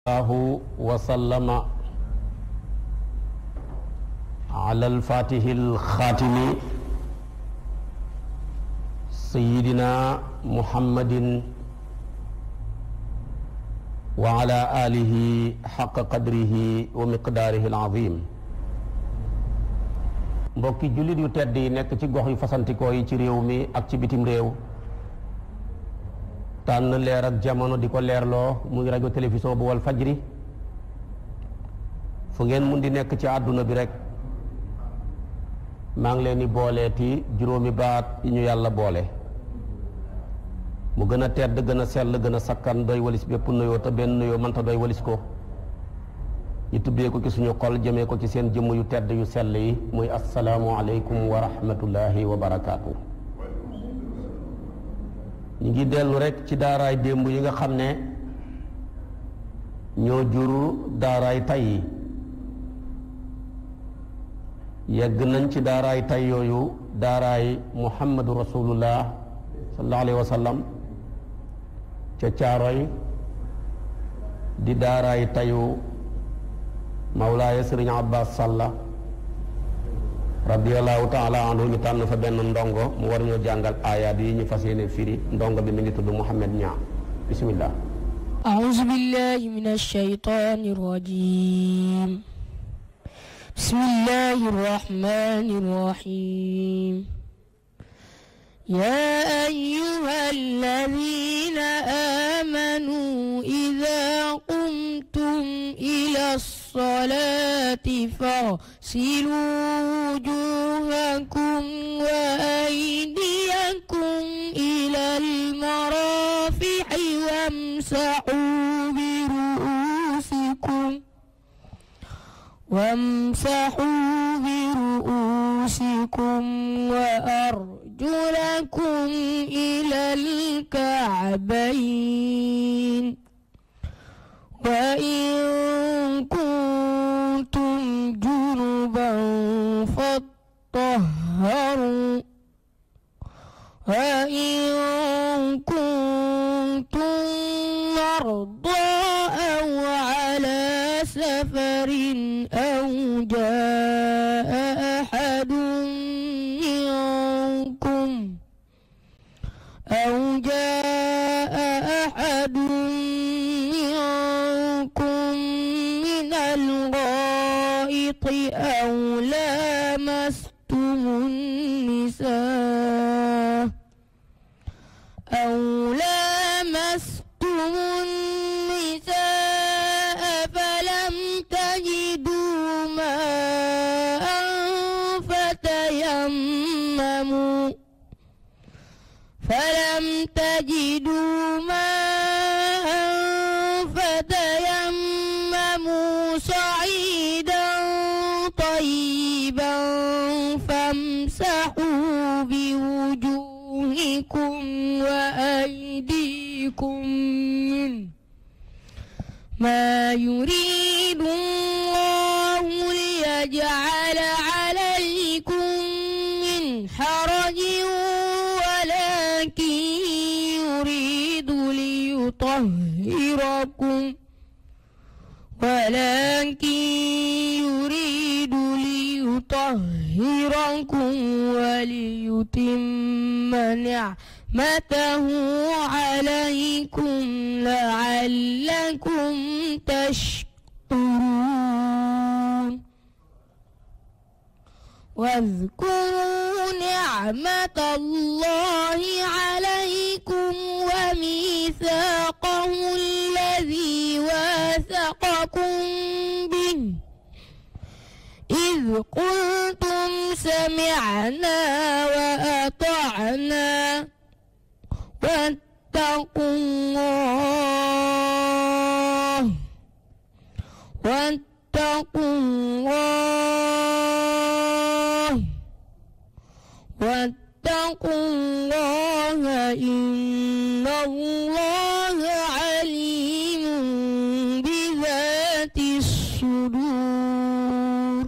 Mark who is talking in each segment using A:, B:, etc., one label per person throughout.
A: الله وسلم على الفاتح الخاتم سيدنا محمد وعلى آله حق قدره ومقداره العظيم mbokki jullit yu tedd nekk ci gox yu fasantikoo yi ci réew mi ak ci bitim réew tànn leer ak jamono di ko leerloo muy rajo télévision bu wal fajri fu ngeen mun di nekk ci àdduna bi rek maa ngi leen di booleeti juróomi baat yi ñu yàlla boole mu gën a tedd gën a sell gën a sakkan doy walis bépp nuyoo te benn nuyoo mënta doy walis ko ñu tubbee ko ci suñu xol jëmee ko ci seen jëmm yu tedd yu sell yi muy asalaamualeykum wa rahmatullahi wa barakaatu. ñu ngi dellu rekk ci daaraay démb yi nga xam ne ñoo jur daaraay tay yi yegg nañ ci daaraay tay yooyu daaraay muhammadu rasulullah sallallahu alayhi wa sallam ca caaroy di daaraay tayu mawlaaya sëriñ abbas sàlla radiallahu taala anhu ñu tànn fa benn ndongo mu war ñoo jàngal aayaat yi ñu fas yéene firi ndongo bi mi ngi tudd Mouhamed Niang bismillah
B: أعوذ بالله من الشيطان الرجيم بسم الله الرحمن الرحيم يا أيها الذين آمنوا إذا قمتم إلى الصلاة فاغسلوا وجوهكم وأيديكم إلى المرافح وامسحوا برؤوسكم وامسحوا برؤوسكم وأرجلكم إلى الكعبين وإن كنتم جنبا فاطهروا وإن ما يريد الله ليجعل عليكم من حرج ولكن يريد ليطهركم ولكن يريد ليطهركم وليتم نعمته رحمته عليكم لعلكم تشكرون واذكروا نعمة الله عليكم وميثاقه الذي واثقكم به إذ قلتم سمعنا وأطعنا واتقوا الله واتقوا الله واتقوا الله إن الله عليم بذات الصدور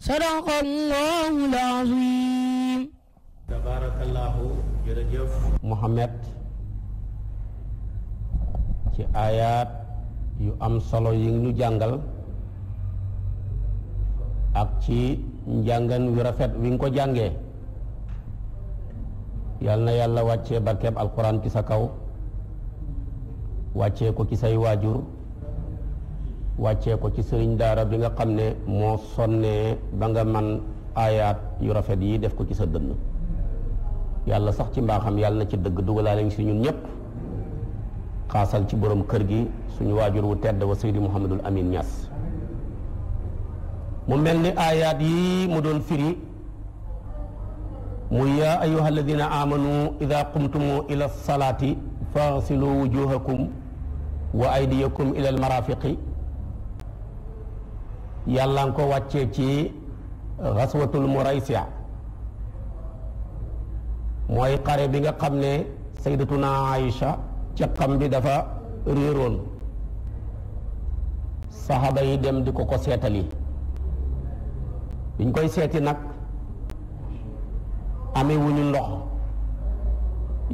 B: صدق الله
A: Muhammad ci ayat yu am solo yi ñu jangal ak ci njangan wi rafet wi nga ko jàngee yal na yàlla alquran ci sa kaw wacce ko ci say wajur wacce ko ci serign dara bi nga ne moo ba nga man ayat yu rafet yi def ko ci sa yàlla sax ci mbaaxam yàlla na ci dëgg dugalaale si ñun ñëpp xaasal ci borom kër gi suñu waajur wu tedd wa Seydi Mouhamadul Amin Niass mu mel ni aayaat yi mu doon firi mu ya ayuha alladina amanu ida qumtumu ila salaati fasilu wujuhakum wa aydiyakum ila almarafiqi yàlla nga ko wàccee ci xaswatul muraysia mooy xare bi nga xam ne saydatuna Aïcha caqam bi dafa réeroon saxaaba yi dem di ko ko seetali biñ koy seeti nag amee wuñu ndox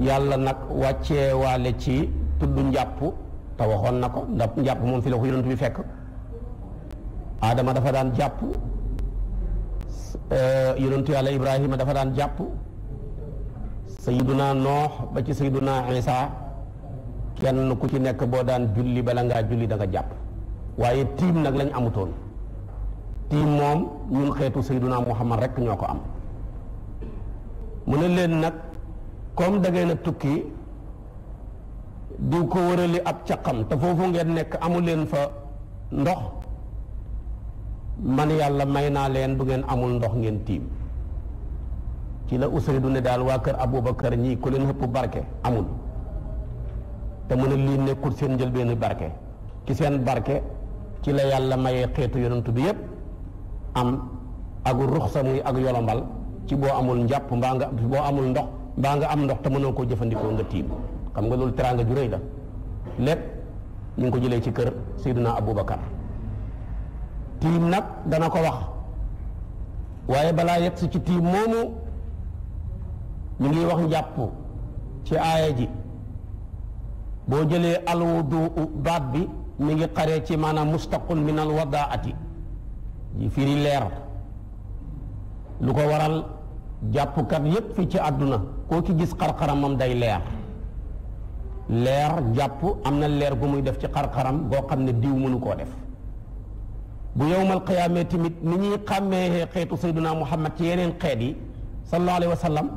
A: yàlla nag wàccee waale ci tudd njàpp te waxoon na ko ndax njàpp moom fi la ko yonent bi fekk aadama dafa daan jàpp eh, yonentu yàlla ibrahima dafa daan jàpp sayiduna noox ba ci sayiduna isa kenn ku ci nekk boo daan julli bala ngaa julli da jàpp waaye tiim nag lañ amutoon tiim moom ñun xeetu sayiduna muhammad rek ñoo ko am mu ne leen nag comme da ngeen a tukki du ko wërali ab caqam te foofu ngeen nekk amu leen fa ndox man yàlla may naa leen bu ngeen amul ndox ngeen tiim ci la Usaydu ne daal waa kër Aboubacar ñii ku leen xëpp barke amul te mën a lii nekkul seen njëlbeenu barke ci seen barke ci la yàlla mayee xeetu yonent bi yépp am ak ruxsa muy ak yolombal ci boo amul njàpp mbaa nga boo amul ndox mbaa am ndox te mënoo koo jëfandikoo nga tiim xam nga loolu teraanga ju rëy la lépp ñu ngi ko jëlee ci kër Seydina Aboubacar tiim nag dana ko wax waaye balaa yegg si ci tiim moomu ñu ngi wax njàpp ci aaya ji boo jëlee alwudu baat bi mi ngi xaree ci maanaam mustaqun min alwadaati ji firi leer lu ko waral jàppkat yépp fi ci àdduna koo ci gis xar-xaramam day leer leer jàpp am na leer gu muy def ci xar-xaram goo xam ne diw mënu koo def bu yowmal qiyaamee tamit ni ñuy xàmmee xeetu sayduna muhammad ci yeneen xeet yi sallallahu alayhi wa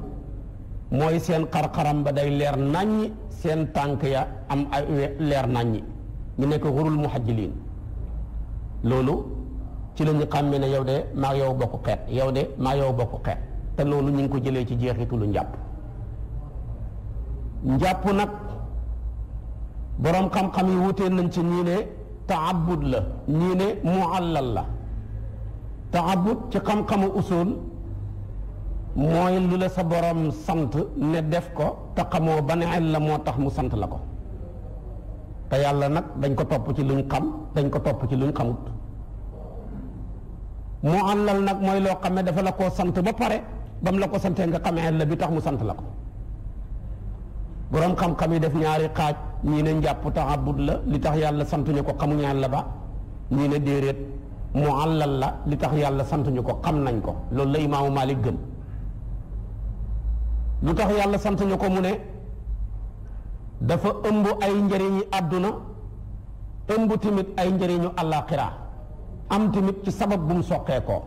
A: mooy seen xar-xaram ba day leer nàññi seen tànk ya am ay leer nàññi ñu nekk xurul muhajjiliin loolu ci la ñu xàmmee ne yow de maa yow bokk xeet yow de maa yow bokk xeet te loolu ñu ngi ko jëlee ci jeexitulu njàpp njàpp nag boroom xam-xam yi wutee nañ ci ñii ne taabud la ñii ne muallal la taabud ci xam-xamu usul mooy lu la sa borom sant ne def ko te xamoo ne el la moo tax mu sant la ko te yàlla nag dañ ko topp ci luñ xam dañ ko topp ci luñ xamut moo àllal nag mooy loo xam ne dafa la ko sant ba pare ba mu la ko santee nga xam el la bi tax mu sant la ko boroom xam-xam yi def ñaari xaaj ñii ne njàpp taabud la li tax yàlla santuñu ko xamuñu yàlla ba ñii ne déeréet moo àllal la li tax yàlla santuñu ko xam nañ ko loolu la imaamu Maalik gëm lu tax yàlla sant ñu ko mu ne dafa ëmb ay njëriñu àdduna ëmb tamit ay njëriñu àllaaxira am tamit ci sabab bu mu soqee ko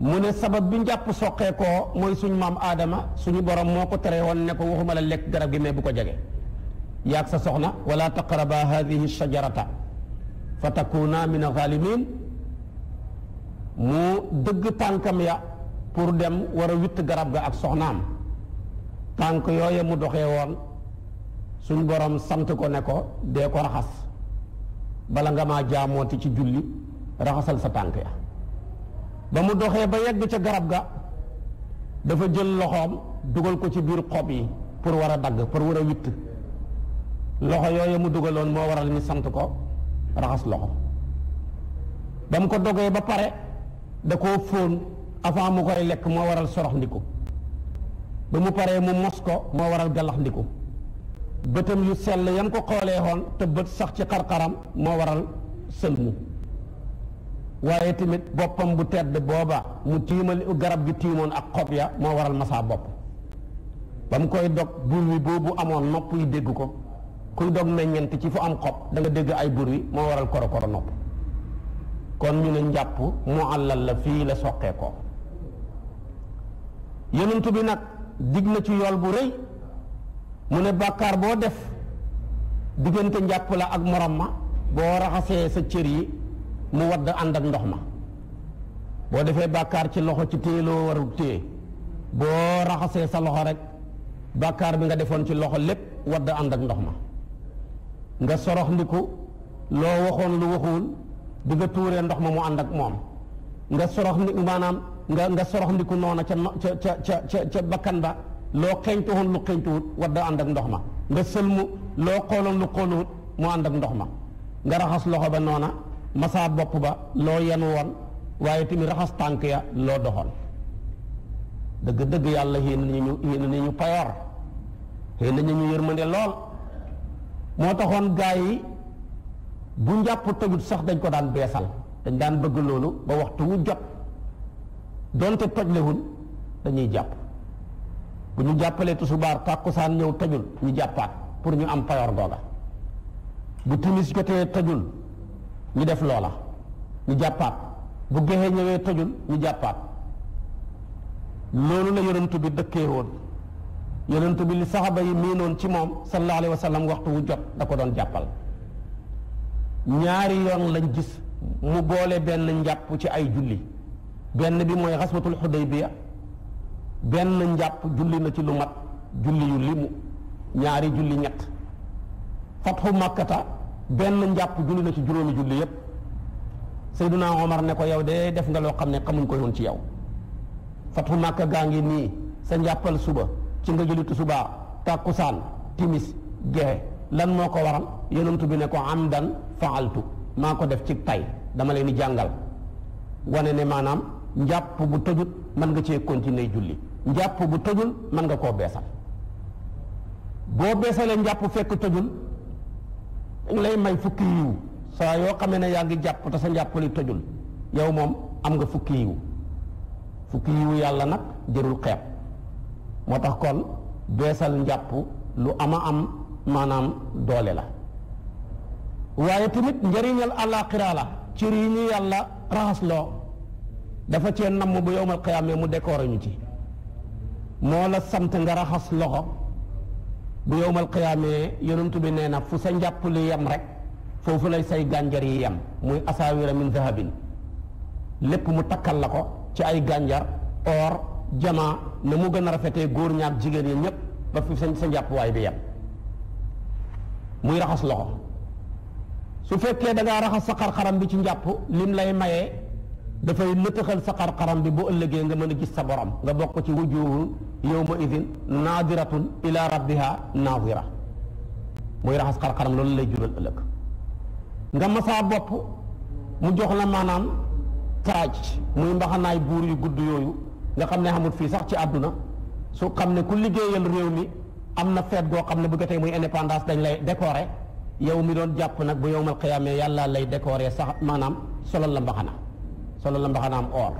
A: mu ne sabab bi njàpp soqee ko mooy suñ maam aadama suñu borom moo ko tere woon ne ko waxuma la lekk garab gi mais bu ko jegee yaag sa soxna wala taqraba hadihi shajarata fa takuna min a xaalimiin mu dëgg tànkam ya pour dem wara wit garab ga ak soxnam tank yoyé mu doxé won suñ borom sant ko ne ko dé ko raxas bala nga ma jaamooti ci julli raxasal sa tank ya ba mu doxé ba yegg ci garab ga dafa jël loxom dugal ko ci bir xob yi pour wara dag pour wara wit loxo yoyé mu mo waral ni sant ko raxas loxo bam ko dogé ba paré da ko avant mu koy lekk moo waral sorox ba mu paree mu mos ko moo waral galax bëtam yu sell yam ko xoolee xoon te bët sax ci xarxaram moo waral sëlmu waaye tamit boppam bu tedd booba mu tiimal garab gi tiimoon ak xob ya moo waral masaa bopp ba mu koy dog bur wi boobu amoon nopp yi dégg ko kuy dog na meññent ci fu am xob danga dégg ay bur wi moo waral koro koro nopp kon ñu ne njàpp mu àllal la fii la soqee ko yonent bi nag dig na ci yool bu rëy mu ne bàkkaar boo def diggante njàpp la ak morom ma boo raxasee sa cër yi mu wadd ànd ak ndox ma boo defee bàkkaar ci loxo ci téye loo warul téye boo raxasee sa loxo rek bàkkaar bi nga defoon ci loxo lépp wadd ànd ak ndox ma nga sorox loo waxoon lu waxuwul di nga tuuree ndox ma mu ànd ak moom nga sorox maanaam nga nga soroxndiku noona ca ca ca ca ca ca bakkan ba loo xeeñtuwoon lu xeeñtuwut wadda ànd ak ndox ma nga sëlmu loo xooloon lu xooluwut mu ànd ak ndox ma nga raxas loxo ba noona masaa bopp ba loo yenu woon waaye tamit raxas tànk ya loo doxoon dëgg-dëgg yàlla yéen nañu ñu yéen nañu ñu payoor yéen nañu ñu yërmande lool moo taxoon gaa yi bu njàpp tëgut sax dañ ko daan beesal dañ daan bëgg loolu ba waxtu wu jot donte tojlewul dañuy jàpp bu ñu jàppalee tusubaar tàkkusaan ñëw tojul ñu jàppaat pour ñu am payoor googa bu timis jotee tojul ñu def loola ñu jàppaat bu gexe ñëwee tojul ñu jàppaat loolu la yonent bi dëkkee woon yonent bi li saxaba yi miinoon ci moom sallallahu alayhi wa waxtu wu jot da ko doon jàppal ñaari yoon lañ gis mu boole benn njàpp ci ay julli benn bi mooy xaswatul xudaybiya benn njàpp julli na ci lu mat julli yu limu ñaari julli ñett fatxu makkata benn njàpp julli na ci juróomi julli yépp sayduna omar ne ko yow de def nga loo xam ne xamuñ ko yoon ci yow fatxu makka gaa ngi nii sa njàppal suba ci nga suba timis gexe lan moo ko waral yonantu bi ne ko amdan faaltu maa ko def ci tay dama leen jàngal wane ne maanaam njàpp bu tojut mën nga cee continuer julli njàpp bu tojul mën nga koo beesal boo beesalee njàpp fekk tojul dañ lay may fukki yiw saa yoo xamee ne yaa ngi jàpp te sa njàpp tojul yow moom am nga fukki yiw fukki yiw yàlla nag jërul xeeb moo tax kon beesal njàpp lu am a am maanaam doole la waaye tamit njëriñal àllaaxira la cër yi ñu yàlla raxasloo dafa cee namm bu yowmal qiyaamee mu décoré ñu ci moo la sant nga raxas loxo bu yowmal qiyaamee yonent bi nee na fu sa njàpp li yem rek foofu lay say gànjar yi yem muy asaawira min zahabin lépp mu takkal la ko ci ay gànjar or jamaa na mu gën a rafetee góor ñaak jigéen yi ñépp ba fi sa njàppuwaay bi yem muy raxas loxo su fekkee da raxas sa xar-xaram bi ci njàpp lim lay mayee dafay nëtëxal sa xarxaram bi bu ëllëgee nga mën a gis sa borom nga bokk ci wujuhun yawma idin naadiratun ila rabbiha naadira muy raxas xarxaram loolu lay jural ëllëg nga masaa bopp mu jox la maanaam taaj muy mbaxanaay buur yu gudd yooyu nga xam ne xamut fii sax ci àdduna su xam ne ku liggéeyal réew mi am na feet goo xam ne bu jotee muy indépendance dañ lay décorer yow mi doon jàpp nag bu yowmal xiyaamee yàlla lay décorer sax maanaam solal la mbaxana solo la mbaxanaam or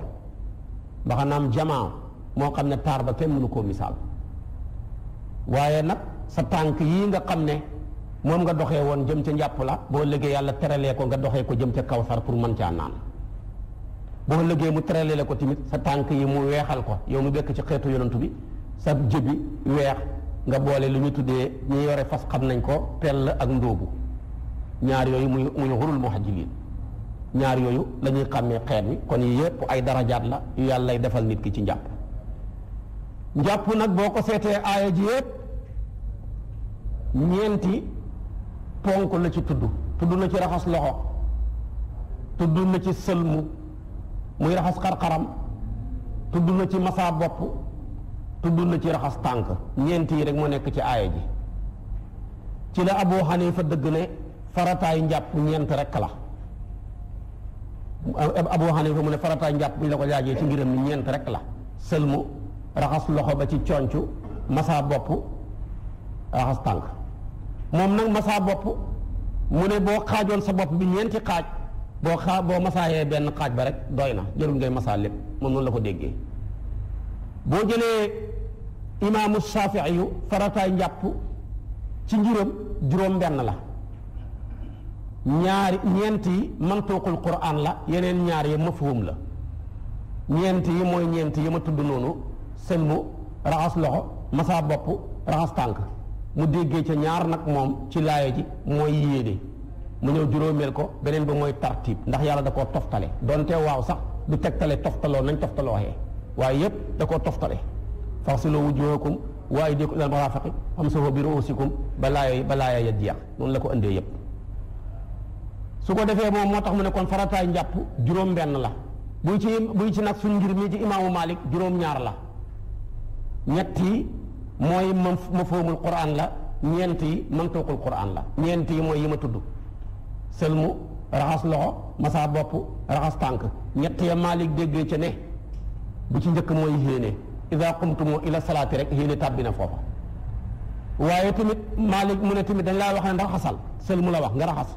A: mbaxanaam jamaa moo xam ne taar ba kenn mënu koo misaal waaye nag sa tànk yii nga xam ne moom nga doxe woon jëm ca njàpp la boo liggéey yàlla teralee ko nga doxe ko jëm ca kawsar pour mën caa naan boo liggéey mu teralee la ko tamit sa tànk yi mu weexal ko yow mu bekk ci xeetu yonantu bi sa bi weex nga boole lu ñu tuddee ñu yore fas xam nañ ko pell ak ndóobu ñaar yooyu muy muy xurul muhajjiliin ñaar yooyu la ñuy xàmmee xeet wi kon yëpp ay darajaat la yu yàlla defal nit ki ci njàpp njàpp nag boo ko seetee aaya ji yëpp ñeenti ponk la ci tudd tudd la ci raxas loxo tudd na ci sëlmu muy raxas xar tudd na ci masaa bopp tudd na ci raxas tànk ñeenti yi rek moo nekk ci aaya ji ci la Abu Hanifa dëgg ne farataay njàpp ñeent rekk la Abu Hanifa mu ne farataay njàpp bu ñu la ko laajee ci ngiram ni ñeent rek la sëlmu raxas loxo ba ci concu masaa bopp raxas tànk moom nag masaa bopp mu ne boo xaajoon sa bopp bi ñeenti xaaj boo xaa boo masaayee benn xaaj ba rek doy na jarul ngay masaa lépp moom noonu la ko déggee boo jëlee imaamu Shaafi'i yu farataay njàpp ci ngiram juróom benn la ñaar ñeent yi mantuuqul quraan la yeneen ñaar ya mafhum la ñeent yi mooy ñeent yi ma tudd noonu seen bu raxas loxo masaa bopp raxas tànk mu déggee ca ñaar nag moom ci laayo ji mooy yéede mu ñëw juróomeel ko beneen bi mooy tartiib ndax yàlla da koo toftale donte waaw sax du tegtale toftaloo nañ toftaloo waxee waaye yépp da koo toftale faxsiloo wujuhakum wa aydiyakum ilal marafiqi amsahu bi ruusikum ba laayo ba laayo ya jeex noonu la ko indee yépp su ko defee moom moo tax mu ne kon farataay njàpp juróom-benn la buy ci buy ci nag suñ ngir mii ci imaamu Malik juróom-ñaar la ñetti mooy ma mafóomul Qur'an la ñeent yi Qur'an la ñeent yi mooy yi ma tudd sëlmu raxas loxo masaa bopp raxas tànk ñett ya Malik déggee ca ne bu ci njëkk mooy yéene iza qumtumu a salaati rek yéene tàbbi na foofa waaye tamit Malik mu ne tamit dañ laa wax ne raxasal sëlmu la wax nga raxas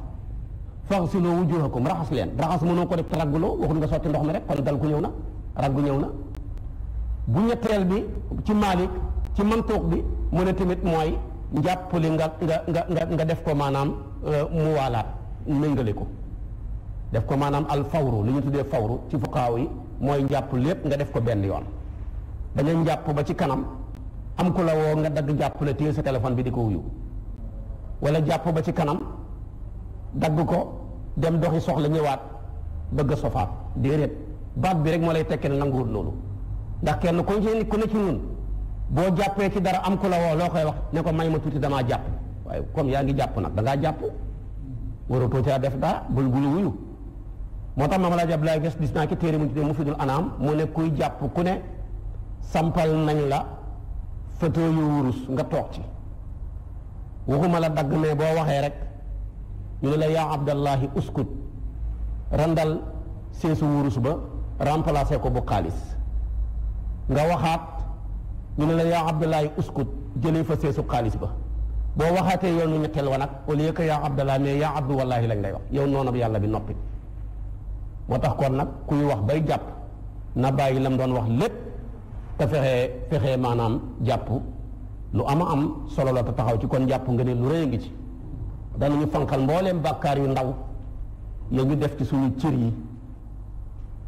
A: faxsiloo wujuhakum raxas leen raxas mënoo ko def te ragguloo waxul nga sotti ndox mi rek kon dal gu ñëw na raggu ñëw na bu ñetteel bi ci Maalik ci mantuux bi mu ne tamit mooy njàpp li nga nga nga nga def ko maanaam euh, mu waalaat méngale ko def ko maanaam al fawru li ñu tuddee fawru ci fuqaaw yi mooy njàpp lépp nga def ko benn yoon dañu njàpp ba ci kanam am ku la woo nga dagg jàpp la téye sa téléphone bi di ko wuyu wala jàpp ba ci kanam dagg ko dem doxi soxla ñëwaat bëgg a sofaat déedéet baat bi rek moo lay tekkee ne nanguwul loolu ndax kenn ku ne ku ci ñun boo jàppee ci dara am ku la woo loo koy wax ne ko may ma tuuti damaa jàpp waaye comme yaa ngi jàpp nag dangaa ngaa jàpp waratoo caa def dara bul bul wuyu moo tax maam laa jàpp laa gis gis naa ki téere mu tuddee mu fi dul anaam mu ne kuy jàpp ku ne sampal nañu la fatoo yu wurus nga toog ci waxuma la dagg mais boo waxee rek ñu ne la yaa abdallahi uskut randal seesu wurus ba remplacé ko bu xaalis nga waxaat ñu ne la yaa abdallahi uskut jële fa seesu xaalis ba boo waxaatee yoonu ñetteel wa nag au lieu que yaa abdallah mais yaa abdu wallaahi lañ lay wax yow noonab yàlla bi noppi moo tax kon nag kuy wax bay jàpp na bàyyi lam doon wax lépp te fexee fexee maanaam jàpp lu am a am solo la te taxaw ci kon jàpp nga ne lu rëy a ngi ci danañu fanqal mbooleem bàkkaar yu ndaw ya ñu def ci suñu cër yi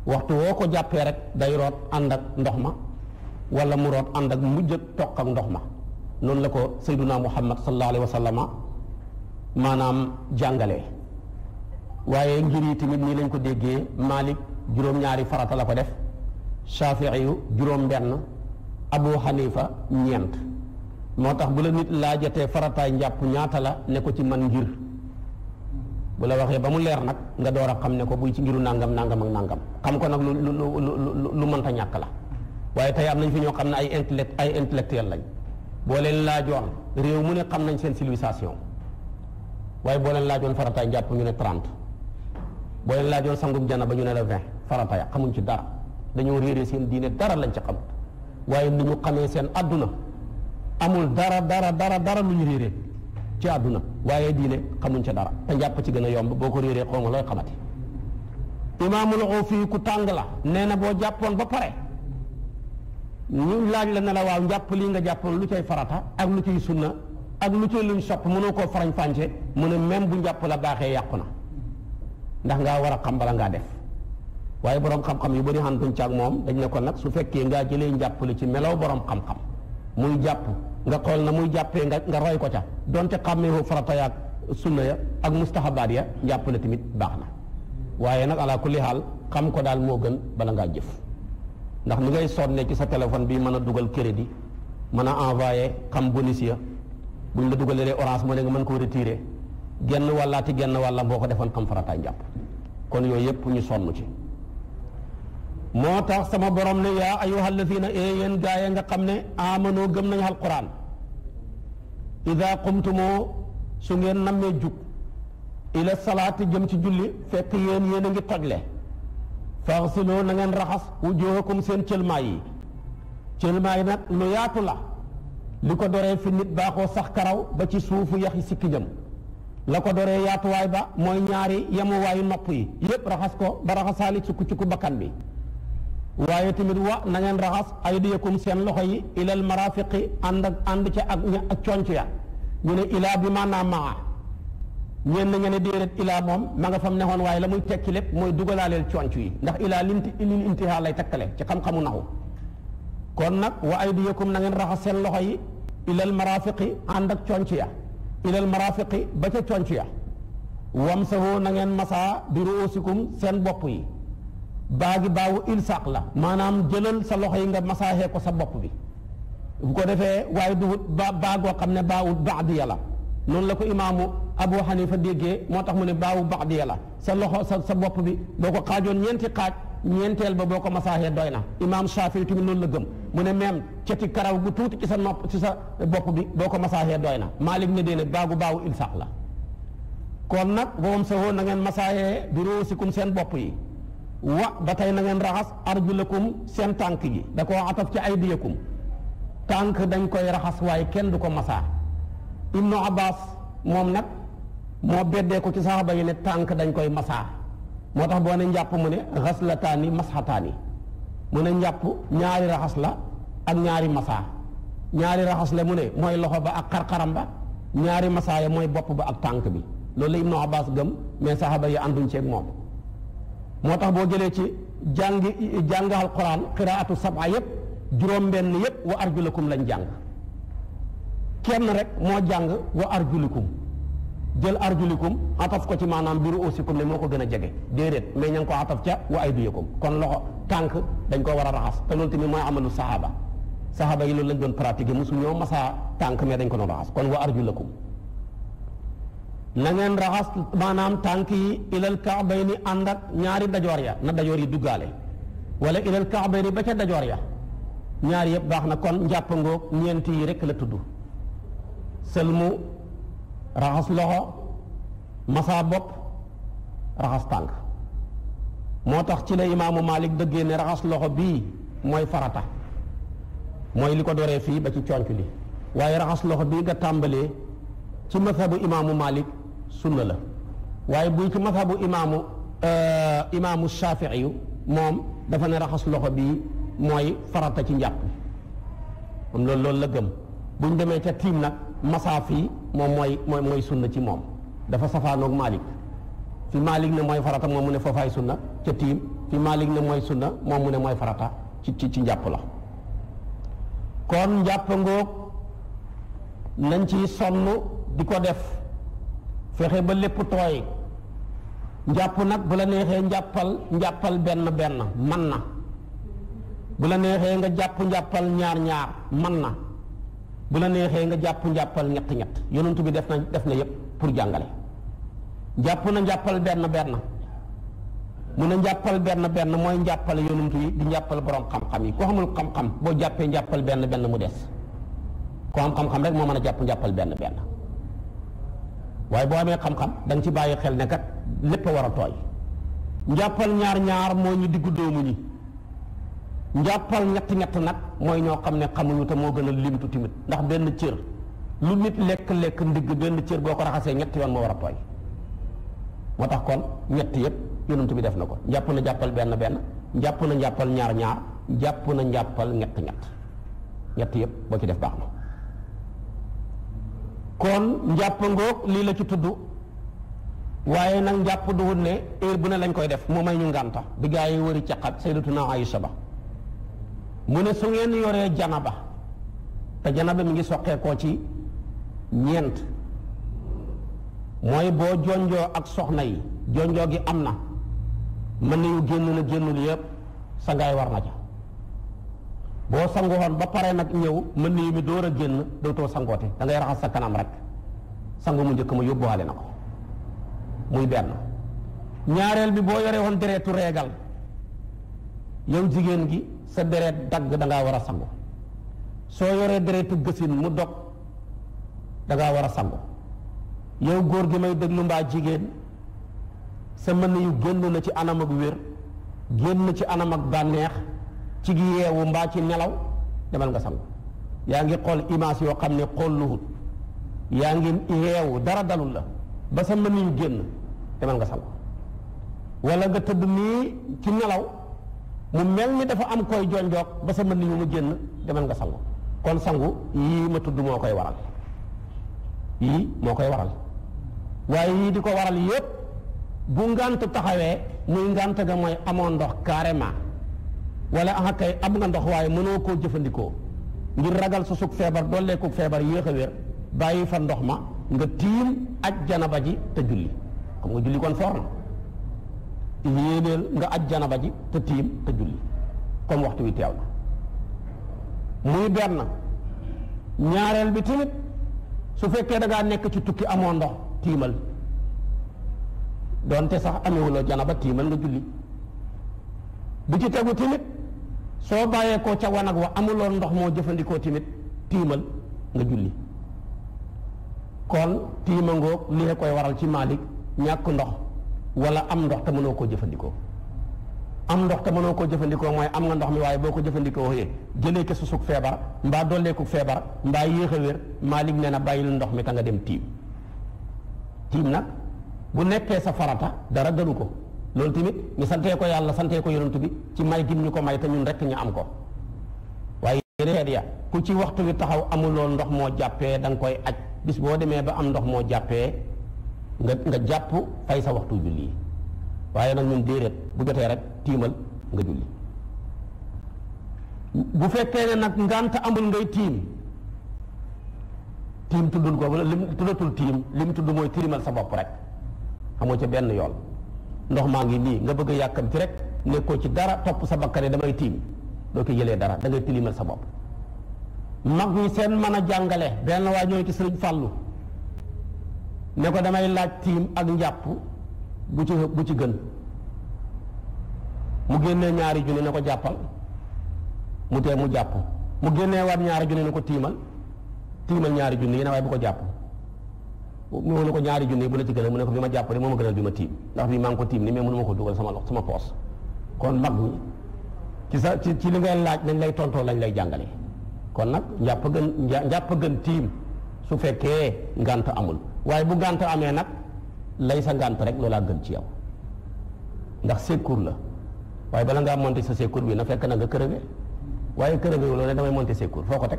A: waxtu woo ko jàppee rek day root ànd ak ndox ma wala mu root ànd ak mujj ak toq ak ndox ma noonu la ko sayduna muhammad sallallahu alayhi wa sallama maanaam jàngalee waaye ngir yi tamit nii lañ ko déggee malik juróom-ñaari farata la ko def shafii yu juróom benn abu xanifa ñeent moo tax bu la nit laajatee farataay njàpp ñaata la ne ko ci man ngir bu la waxee ba mu leer nag nga door a xam ne ko buy ci ngiru nangam nangam ak nangam xam ko nag lu lu lu lu mënta ñàkk la waaye tey am nañ fi ñoo xam ne ay intellect ay intellectuel lañ boo leen laajoon réew mu ne xam nañ seen civilisation waaye boo leen laajoon farataay njàpp ñu ne 30 boo leen laajoon sangub jana ba ñu ne la 20 farataay xamuñ ci dara dañoo réeree seen diine dara lañ ci xamut waaye ni ñu xamee seen adduna. amul dara dara dara dara lu ñu réeree ci àdduna waaye diine xamuñ ca dara te njàpp ci gën a yomb boo ko réeree xaw ma looy xamati imaamul ku tàng la nee na boo jàppoon ba pare ñu la ne la waaw njàpp lii nga jàppoon lu cay farata ak lu ciy sunna ak lu cay luñ sopp mënoo koo farañ fànce mu ne même bu njàpp la baaxee yàqu na ndax ngaa war a xam bala ngaa def waaye borom xam-xam yu bëri xantuñ caag moom dañ ne ko nag su fekkee ngaa jëlee njàpp li ci melaw boroom xam-xam jàpp nga xool na muy jàppee nga nga roy ko ca donte xàmmeewoo farata yaag sunna ya ak mustahabaat ya jàpp la tamit baax na waaye nag ala kulli xaal xam ko daal moo gën bala ngaa jëf ndax ni ngay sonne ci sa téléphone bi mën a dugal crédit mën a envoyé xam bonus ya buñ la dugalee orange moo ne nga mën koo retiré genn wàllaati genn wàlla boo ko defoon xam farataay njàpp kon yooyu yëpp ñu sonn ci moo tax sama borom ne yaa ayyuhal lazina eh yéen gaa yi nga xam ne amanoo gëm nañu alquran ida qumtumoo su ngeen nammee jug ila salaati jëm ci julli fekk yéen yéen a ngi togle faxsiloo na ngeen raxas wujuhakum seen cëlmaay yi cëlmaay nag lu yaatu la li ko doree fi nit baaxoo sax karaw ba ci suufu yaxi sikkijam la ko doree yaatuwaay ba mooy ñaari yemuwaayu nopp yi yépp raxas ko ba raxasaali cukku cukku bakkan bi waaye tamit wa na ngeen raxas aydiyakum seen loxo yi ilal marafiqi ànd ak ànd ca ak ak conc ya ñu ne ilaa bi maanaam maa ñeen na ngeen déedéet ilaa moom ma nga fam ne woon waaye la muy tekki lépp mooy dugalaaleel conc yi ndax ilaa linti lil intihaa lay takkale ci xam-xamu naxu kon nag wa aydiyakum na ngeen raxas seen loxo yi ilal marafiqi ànd ak conc ya ilal marafiqi ba ca conc ya wamsahu na ngeen masaa bi ruusikum seen bopp yi baa gi baawu ilsaq la maanaam jëlal sa loxo yi nga masaaxee ko sa bopp bi bu ko defee waaye du ba baagoo xam ne baawut baadiya la noonu la ko imaamu abu xanifa déggee moo tax mu ne baawu baadiya la sa loxo sa sa bopp bi boo ko xaajoon ñeenti xaaj ñeenteel ba boo ko masaaxee doy na imaam shafii tamit loolu la gëm mu ne même ceti karaw bu tuuti ci sa nopp ci sa bopp bi boo ko masaaxee doy na maalik ne déene baagu baawu ilsaq la kon nag boobam sa woo na ngeen masaaxee bi róosikum seen bopp yi wa ba tey na ngeen raxas arjulakum seen tànk gi da koo ataf ci ay aydiyakum tànk dañ koy raxas waaye kenn du ko masaa ibnu abbas moom nag moo beddee ko ci saxaba yi ne tànk dañ koy masaa moo tax boo ne njàpp mu ne xaslataani masxataani mu ne njàpp ñaari raxas la ak ñaari masaa ñaari raxas la mu ne mooy loxo ba ak xarxaram ba ñaari masaa ya mooy bopp ba ak tànk bi loolu la ibnu abbas gëm mais saxaba yi ànduñ ceeg moom motax bo jele ci jang jang alquran qiraatu saba yeb jurom ben yeb wa arjulukum lañ jang kenn rek mo jang wa arjulukum jël arjulukum ataf ko ci manam biru usikum ne moko gëna gën dédét mé ñang ko ataf ca wa aydiyakum kon loxo tank dañ ko wara raxas té loolu timi moy amalu sahaba sahaba yi loolu lañ doon pratiquer musu ñoo massa tank mé dañ ko doon raxas kon wa arjulukum na ngeen raxas maanaam tànk yi ilal kaabayni ànd ak ñaari dajoor ya na dajoor yi duggaale wala ilal kaabayni ba ca dajoor ya ñaar yëpp baax na kon njàpp ngoog ñeenti yi rek la tudd sëlmu raxas loxo masaa bopp raxas tànk moo ci la imaamu Malik dëggee ne raxas loxo bii mooy farata mooy li ko doree fii ba ci conc li waaye raxas loxo bii nga tàmbalee ci imaamu Malik sunna la waaye buy ci mazhabu imaamu euh, imaamu shafii yu moom dafa ne raxas loxo bi mooy farata ci njàpp moom loolu loolu la gëm buñ demee ca tiim nag fii moom mooy mooy mooy sunna ci moom dafa safaanoog Malik fi Malik ne mooy farata moom mu ne foofaay sunna ca tiim fi Malik ne mooy sunna moom mu ne mooy farata ci ci ci njàpp la kon njàpp ngoog nañ ci sonn di ko def fexé ba lépp tooy njàpp nag bu la neexee njàppal njàppal benn benn man na bu la neexee nga jàpp njàppal ñaar ñaar man na bu la neexee nga jàpp njàppal ñett ñett yonent bi def na def na yépp pour jàngale jàpp na njàppal benn benn mu ne njàppal benn benn mooy njàppal yonent yi di njàppal borom xam-xam yi ko xamul xam-xam boo jàppee njàppal benn benn mu des ko xam xam-xam rek moo mën a jàpp njàppal benn benn waaye boo amee xam-xam da nga ci bàyyi xel ne kat lépp a war a tooy njàppal ñaar ñaar moo ñu diggu doomu ñi njàppal ñett ñett nag mooy ñoo xam ne xamuñu te moo gën a limtu timit ndax benn cër lu nit lekk-lekk ndigg benn cër boo ko raxasee ñett yoon moo war a tooy moo tax kon ñett yëpp yonent bi def na ko njàpp na jàppal benn benn njàpp na njàppal ñaar ñaar jàpp na njàppal ñett ñett ñett yëpp boo ci def baax na kon njàpp ngoog lii la ci tudd waaye nag njàpp duwut ne heure bu ne lañ koy def moom may ñu ngànta bi gaa yi wëri caqat sayyidatuna Aïcha ba mu ne su ngeen yoree janaba te janaba mi ngi soqeekoo ci ñeent mooy boo jonjoo ak soxna yi jonjoo gi am na mën nañu génn na génnul yépp sa ngaay war na ca boo sangoon ba pare nag ñëw mën na mi dóor a génn dootoo sangoote da ngay raxas sa kanam rek sangu mu njëkk ma yóbbu yóbbuwaale na ko muy benn ñaareel bi boo yore woon dereetu reegal yow jigéen gi sa deret dagg da war a sangu soo yoree deretu gësin mu dog da war a sangu yow góor gi may déglu mbaa jigéen sa mën na yu génn na ci anam ak wér génn na ci anam ak bànneex ci gi yewu mba ci nelaw demal nga sang yaangi xol image yo xamne ne yaangi yewu dara dalul la ba sa mën ñu genn demal nga sang wala nga tëdd ni ci nelaw mu melni dafa am koy jonjoog ba sa mën ñu mu genn demal nga sang kon sangu yi ma tudd mo koy waral yi mo koy waral waye yi di waral yépp bu ngant taxawé muy ngant ga mooy amon ndox carrément wala ah kay am nga ndox waaye mënoo koo jëfandikoo ngir ragal sa sug feebar dolleeku feebar yéex a wér bàyyi fa ndox ma nga tiim aj janaba ji te julli xam nga julli kon foor na yéeneel nga aj te tiim te julli comme waxtu wi teew na muy benn ñaareel bi tamit su fekkee da nekk ci tukki amoo ndox tiimal donte sax amewuloo janaba tiimal nga julli bi ci tegu tamit soo bàyyeekoo ca wanag wa amuloon ndox moo jëfandikoo tamit tiimal nga julli kon tiima ngoog li koy waral ci Maalik ñàkk ndox walla am ndox te mënoo koo jëfandikoo am ndox te mënoo koo jëfandikoo mooy am nga ndox mi waaye boo ko jëfandikoo yee jële ko susug feebar mbaa dolleeku feebar mbaa yéex a wér Maalik nee na bàyyil ndox mi ta nga dem tiim tiim nag bu nekkee sa farata dara daru ko loolu tamit ñu santee ko yàlla santee ko yonent bi ci may gim ñu ko may te ñun rek ñu am ko waaye xeet ya ku ci waxtu wi taxaw amuloo ndox moo jàppee danga koy aj bis boo demee ba am ndox moo jàppee nga nga jàpp fay sa waxtu julli yi waaye nag ñun déedéet bu jotee rek tiimal nga julli bu fekkee ne nag ngànt amul ngay tiim tiim tuddul ko lim tuddatul tiim lim tudd mooy tiimal sa bopp rek xamoo ca benn yoon ndox maa ngi nii nga bëgg a yàkkamti rek nekkoo ci dara topp sa bakkane damay tiim loo ko jëlee dara da tilimal sa bopp mag ñi seen mën a jàngale benn waa ñëw ci sëriñ fàllu ne ko damay laaj tiim ak njàpp bu ci bu ci gën mu génnee ñaari junni ne ko jàppal mu tee mu jàpp mu génnee waat ñaari junni ne ko tiimal tiimal ñaari junni yi ne waaye bu ko jàpp ñëw na ko ñaari junne bu la ci gën a mu ne ko bi ma jàpp ne moo ma gënal bi ma tiim ndax bii maa ngi ko tiim ni mais mënu ma ko dugal sama lox sama poos kon mag ci sa ci ci li laaj nañ lay tontoo lañ lay jàngale kon nag njàpp gën njàpp gën tiim su fekkee ngànt amul waaye bu ngànt amee nag lay sa ngànt rek loolaa gën ci yow ndax secours la waaye bala ngaa monter sa secours bi na fekk na nga crevé waaye crevé loolu damay monter secours foo ko teg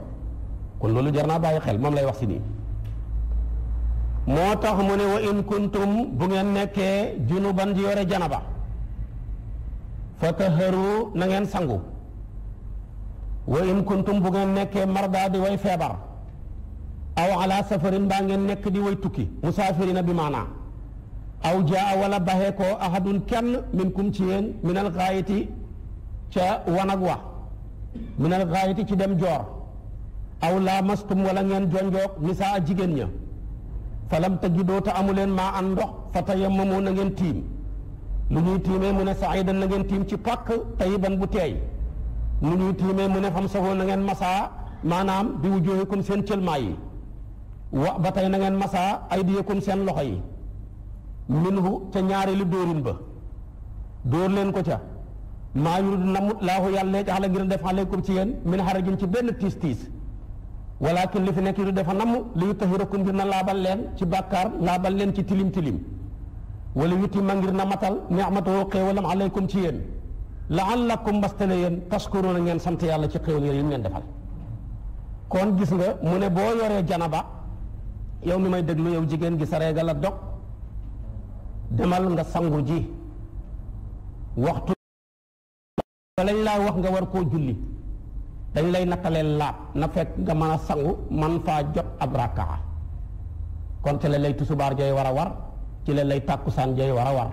A: kon loolu jar naa bàyyi xel moom lay wax si nii moo tax mu ne wa in kuntum bu ngeen nekkee junuban di yore janaba fatahharu na ngeen sangu wa in kuntum bu ngeen nekkee marda di way feebar aw xalaa safarin baa ngeen nekk di way tukki na bi maanaa aw jaa walla baxee ko ahadun kenn minkum ci yéen minal xaayiti ca wanag wa minal xaayiti ci dem joor aw laamastum wala ngeen jonjoog nisaa jigéen ña falam tajidoo te amu leen maa an ndox fa tayammamu na ngeen tiim lu ñuy tiimee mu ne saidan na ngeen tiim ci pàkk tayiban bu teey mu ñuy tiimee mu ne fam safoo na ngeen masaa maanaam bi wujuhikum seen cëlmaa yi wa ba tey na ngeen masaa aydiyakum seen loxo yi minhu ca lu dóorin ba dóor leen ko ca maa yurid namut laahu yàlla jaxala ngir def aleykum ci yéen min harajin ci benn tiis tiis walakin li fi nekk du dafa namm li yutahirakum ngir na laabal leen ci bàkkaar laabal leen ci tilim tilim wala yuti ma ngir na matal ni'matahu xéewalam alaykum ci yéen la'allakum mbastale yéen tashkuruna ngeen sant yàlla ci xéewal yooyu ngeen defal kon gis nga mu ne boo yoree janaba yow mi may déglu yow jigéen gi sa reega la dog demal nga sangu ji waxtu lañ wax nga war koo julli dañ lay nattalee laab na fek nga mën sangu man fa jot ab kon ci lay tusubaar jay jey wara war ci lay takusan jey wara war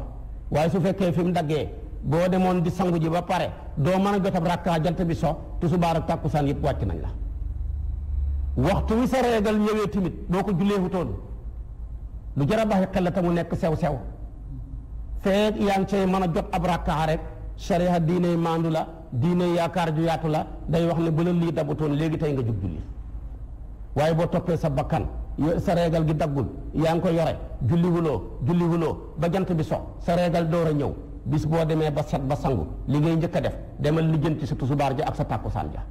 A: waaye su fekkee fim mu bo boo di sangu ji ba pare do mën jot ab rakkaa jant bi so tusubaar ak takusan yëpp wacc nañ la waxtu wi sa reegal ñëwee timit boo ko hu ton lu jara bax mu nekk sew-sew yaang jot ab rek shariha diine diine yaakaar ju yaatu la day wax ne bu la lii dabutoon léegi tey nga jug julli waaye boo toppee sa bakkan sa reegal gi daggul yaa ngi ko yore julli wuloo julli wuloo ba jant bi so sa reegal door a ñëw bis boo demee ba set ba sangu li ngay njëkk a def demal lijjanti sa tusubaar ja ak sa tàkkusaan ja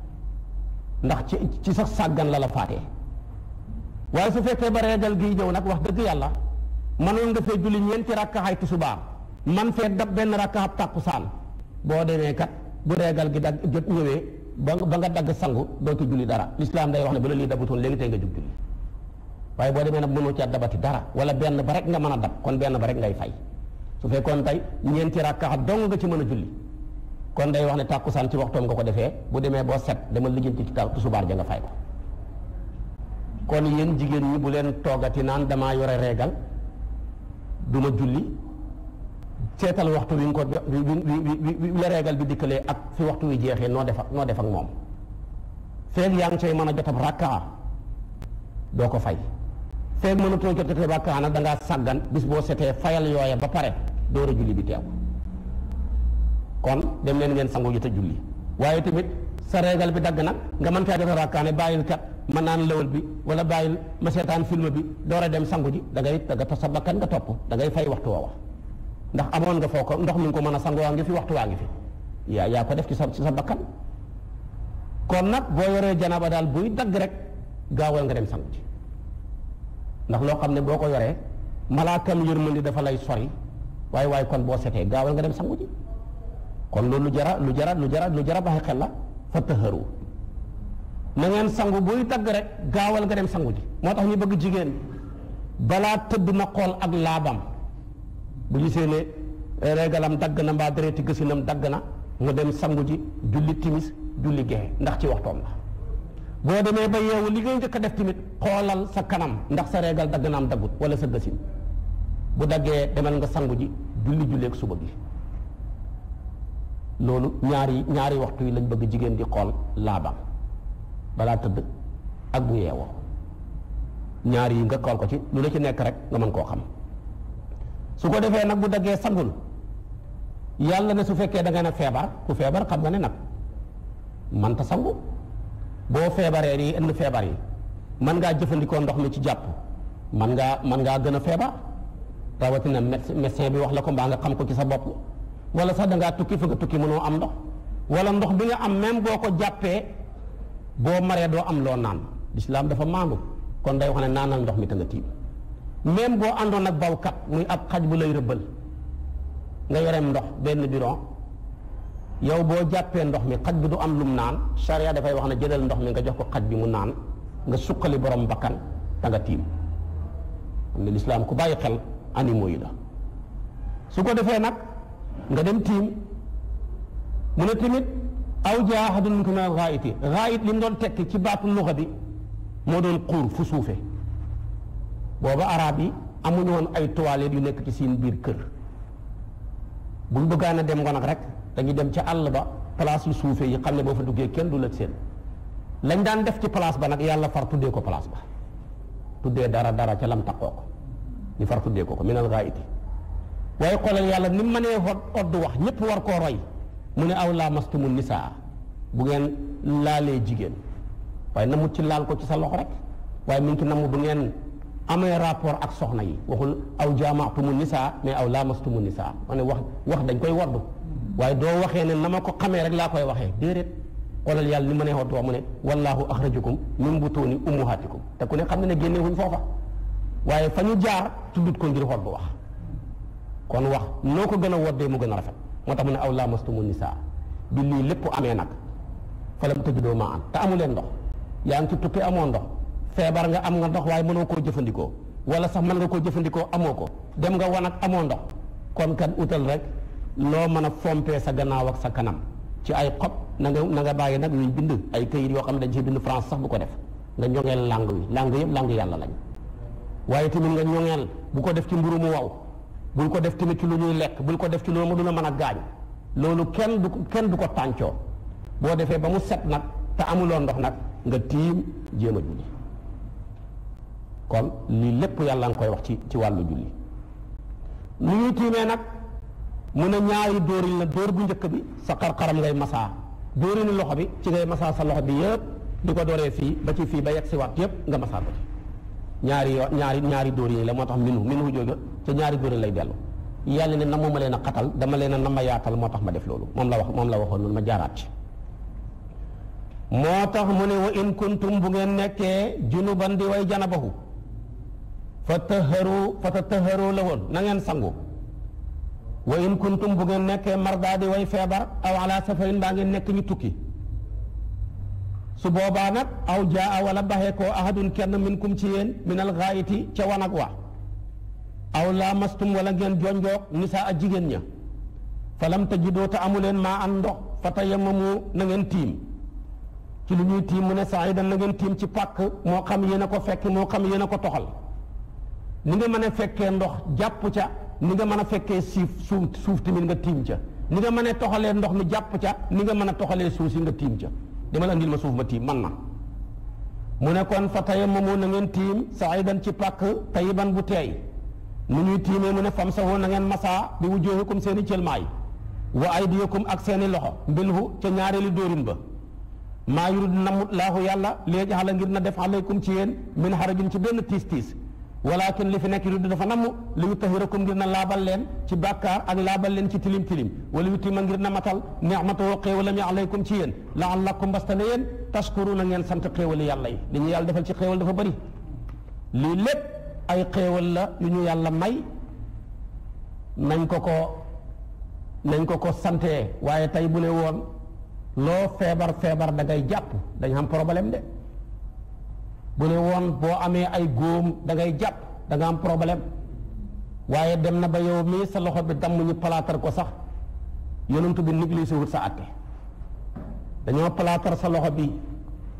A: ndax ci ci sax sàggan la la faatee waaye su fekkee ba reegal gi ñëw nag wax dëgg yàlla mënoon nga fee julli ñeenti rakkaxay tusubaar man fee dab benn rakkaxab tàkkusaan boo demee kat bu reegal gi dagg jot ñëwee ba ba nga dagg sangu dootu julli dara lislaam day wax ne ba la lii dabutoon léegi tey nga jug julli waaye boo demee nag mënoo caa dabati dara wala benn ba rek nga mën a dab kon benn ba rek ngay fay su fekkoon tey ñeenti rakka dong nga ci mën a julli kon day wax ne tàkkusaan ci waxtoom nga ko defee bu demee boo set dama lijjanti ci tusubaar ja nga fay ko kon yéen jigéen ñi bu leen toogati naan damaa yore reegal duma seetal waxtu wi nga ko bi bi la régal bi dikkalee ak fi waxtu wi jeexee noo def noo def ak moom feeg yaa ngi cay mën a jot ab doo ko fay feeg mënatoo jotati rakka nag da ngaa sàggan bis boo setee fayal yooya ba pare door a julli bi teew kon dem leen ngeen sangu jot a julli waaye tamit sa régal bi dagg nag nga mën caa jot a ne bàyyil kat man naan lawal bi wala bàyyil ma seetaan film bi door a dem sangu ji da ngay da nga bakkan nga topp da ngay fay waxtu woowa ndax amoon nga foko ko ndox mu ko mën a sangoo waa ngi fi waxtu waa ngi fi ya yaa ko def ci sa ci sa bakkan kon nag boo yoree janaba daal buy dagg rek gaawal nga dem sangu ci ndax loo xam ne boo ko yoree dafa lay sori waaye waaye kon boo setee gaawal nga dem sangu ci kon loolu lu jara lu jara lu jara lu jara baaxi xel la fa tëxëru na ngeen sangu buy dagg rek gaawal nga dem sangu ji moo ñu bëgg jigéen balaa tëdd na xool ak laabam bu ñu ne eh, regalam dagg na mbaa dereti gësinam dagg na mu dem sangu ji julli timis julli gexe ndax ci waxtoom la boo demee ba yeewu li ngay njëkk def tamit xoolal sa kanam ndax sa regal dagg naam daggut wala sa gësin bu daggee demal nga sangu ji julli julleeg suba bi loolu ñaari ñaari waxtu yi lañ bëgg jigéen di xool laabam balaa tëdd ak bu yeewoo ñaar yi nga xool ko ci lu la ci nekk rek nga mën koo xam su ko defee nag bu daggee sangul yàlla ne su fekkee da nga ne feebar ku feebar xam nga ne nag manta sangu boo feebaree nii indi feebar yi mën ngaa jëfandikoo ndox mi ci jàpp man ngaa mën ngaa gën a feebar rawatina médecin bi wax la ko mbaa nga xam ko ci sa bopp wala sax da tukki fa nga tukki mënoo am ndox wala ndox bi nga am même boo ko jàppee boo maree doo am loo naan lislaam dafa maandu kon day wax ne naanal ndox mi te nga tiim même boo àndoon ak bawkat muy ab xaj bu lay rëbbal nga yoreem ndox benn biron yow boo jàppee ndox mi xaj bi du am lum naan charia dafay wax na jëlal ndox mi nga jox ko xaj bi mu naan nga suqali borom bakkan da nga tiim lislaam ku bàyyi xel animaux yi la su ko defee nag nga dem tiim mu ne tamit aw jaa ahadun minkum minal ghaa'iti ghaa'it li mu doon tekki ci baatu luxa bi moo doon xuur fu suufe booba arab yi amuñu woon ay toilettes yu nekk ci seen biir kër buñ bëggaan a dem ngon ak rek dañu dem ci àll ba place yu suufee yi xam ne boo fa duggee kenn du seen lañ daan def ci place ba nag yàlla far tuddee ko place ba tuddee dara dara ca lam ko ñu far tuddee ko ko minal gaa iti waaye xoolal yàlla ni mënee odd wax ñëpp war koo roy mu ne aw laa mastumu nisaa bu ngeen laalee jigéen waaye namut ci laal ko ci sa lox rek waaye mi ngi namu bu ngeen amee rapport ak soxna yi waxul aw jaamatumu nisaa mais aw laamastumu nisaa ma ne wax wax dañ koy wardu waaye doo waxee ne na ma ko xamee rek laa koy waxee déedéet xoolal yàlla ni ma nee xoot wax mu ne wallaahu axrajakum min butuuni ummuhaatikum te ku ne xam ne ne génneewuñ foofa waaye fa ñu jaar tuddut ko ngir xoot wax kon wax noo ko gën a woddee mu gën a rafet moo tax mu ne aw laamastumu nisaa bi lii lépp amee nag fa lam tajidoo maa an te amu leen ndox yaa ngi ci tukki amoo ndox feebar nga am nga ndox waaye mënoo koo jëfandikoo wala sax mën nga koo jëfandikoo amoo ko dem nga wan ak amoo ndox kon kat utal rek loo mën a fompee sa gannaaw ak sa kanam ci ay xob na nga na nga bàyyi nag yuñ bind ay këyit yoo xam ne dañ ciy bind France sax bu ko def nga ñoŋeel làng wi langue yëpp langue yàlla lañ waaye tamit nga ñoŋeel bu ko def ci mburu mu waw bul ko def tamit ci lu ñuy lekk bul ko def ci loolu mu duna mën a gaañ loolu kenn du kenn du ko tàncoo boo defee ba mu set nag te amuloo ndox nag nga tiim jéem kon li lepp yalla ngoy wax ci ci walu julli ni ñu timé nak mu ne ñaari doori la door bu ñëk bi sa xarxaram ngay doori ni loxo bi ci ngay massa sa loxo bi yépp diko doré fi ba ci fi ba yex ci waat yépp nga massa ko ñaari ñaari ñaari doori la moo tax minu minu jóge ci ñaari doori lay delu yalla ne namuma leen xatal dama leena nama yaatal ma def lolu mom la wax mom la waxon ma jaarat ci motax wa in kuntum bu ngeen nekké junuban di way janabahu fa taharu fa tataharu la woon nangeen ngeen sangu wa in kuntum bu ngeen nekkee mardaa way feebar aw ala safarin mbaa ngeen nekk ñu tukki su boobaa nag aw jaa wala baxee koo ahadun kenn minkum ci yéen min al gaayiti ca wanag wa aw laamastum wala ngeen jonjoog nisaa a jigéen ña falam tajidoo te amuleen maa an ndox fa tayammamu na ngeen tiim ci lu ñuy tiim mu ne saidan na ngeen tiim ci pàkk moo xam yéen a ko fekk moo xam yéen a ko toxal ni nga mën a fekkee ndox jàpp ca ni nga mën a fekkee siif suuf suuf tamit nga tiim ca ni nga mën a toxalee ndox mi jàpp ca ni nga mën a toxalee suuf si nga tiim ca dama la andil ma suuf ma tiim man na mu ne kon fa tayammamu na ngeen tiim sa'idan ci pàkk tayiban bu teey nu ñuy tiimee mu ne famsahu na ngeen masaa bi wujuhikum seen i cëlmaay wa ay aydiyakum ak seen i loxo mbilhu ca ñaareelu dóorin ba maa yurid namut laahu yàlla léegi xala ngir na def alaykum ci yéen min harajin ci benn tiis tiis ولكن لي في نك يرد دفا نمو لي يطهركم غيرنا لابال لين سي بكار اك لابال لين سي تليم تليم ولي يتيم غيرنا ماتال نعمت وقي ولم عليكم سي ين لعلكم بستنين تشكرون نين سنت خيول يالله لي ني يال دفال سي خيول دفا بري لي لب اي خيول لا لي ني يالله ماي نانكوكو نانكوكو سنت واي تاي وون لو فيبر فيبر داغي جاب داغي هام بروبليم دي bu ne woon boo amee ay góom dangay jàpp da am problème waaye dem na ba yow mii sa loxo bi damm ñu palaatar ko sax yonent bi négligé wut sa àtte dañoo palaatar sa loxo bi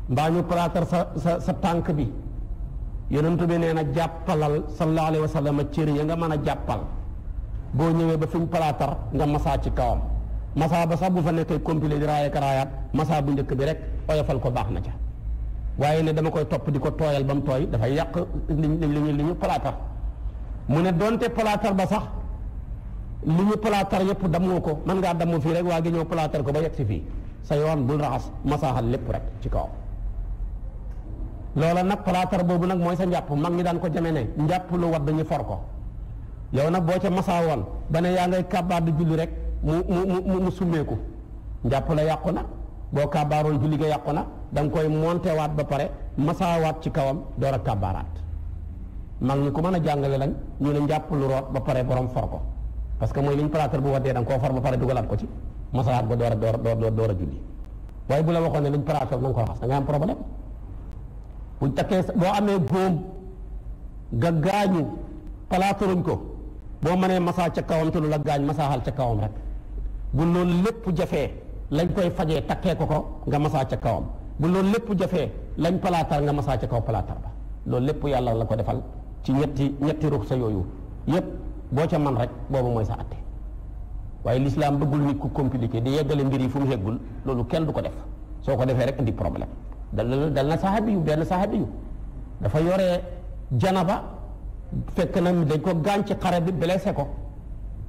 A: mbaa ñu palaatar sa sa sa tànk bi yonent bi nee na jàppalal sallallahu alayhi wa sallam cër yi nga mën a jàppal boo ñëwee ba fi ñu palaatar nga masaa ci kawam masaa ba sax bu fa nekkee compilé di raaya raayaat masaa bu njëkk bi rek oyofal ko baax na ca waaye ne dama koy topp di ko tooyal ba mu tooy dafay yàq li ñu li ñu palaatar mu ne donte palaatar ba sax li ñu palaatar yëpp dammoo ko mën ngaa damm fii rek waa gi ñëw palaatar ko ba yegg si fii sa yoon bul raxas masaaxal lépp rek ci kaw loola nag palaatar boobu nag mooy sa njàpp mag ñi daan ko jame ne njàpp lu wadd ñu for ko yow nag boo ca masaa woon ba ne yaa ngay kàbbaar di julli rek mu mu mu mu summeeku njàpp la yàqu na boo kàbbaaroon julli yàqu na danga koy monté waat ba pare masaawaat ci kawam door a kàbbaaraat mag ñi ku mën a jàngale lañ ñu ne njàpp lu root ba pare borom for ko parce que mooy liñ palaatar bu watee da nga koo far ba pare dugalaat ko ci masaawaat ko door a door door a julli waaye bu la waxoon ne liñ palaatar na nga ko raxas da nga am problème buñ takkee boo amee góom nga gaañu palaataruñ ko boo mënee masaa ca kawam te lu la gaañ masaaxal ca kawam rek bu loolu lépp jafee lañ koy fajee takkee ko ko nga masaa ca kawam bu loolu lépp jafee lañ palaatar nga masaa ca kaw palaatar ba loolu lépp yàlla la ko defal ci ñetti ñetti ruux sa yooyu yépp boo ca man rek boobu mooy sa atte waaye lislaam bëggul nit ku compliqué di yeggale mbir yi fu mu yeggul loolu kenn du ko def soo ko defee rek indi problème dal dal na saxaabi yu benn saxaabi yu dafa yore janaba fekk na dañ ko gaañ ci xare bi blessé ko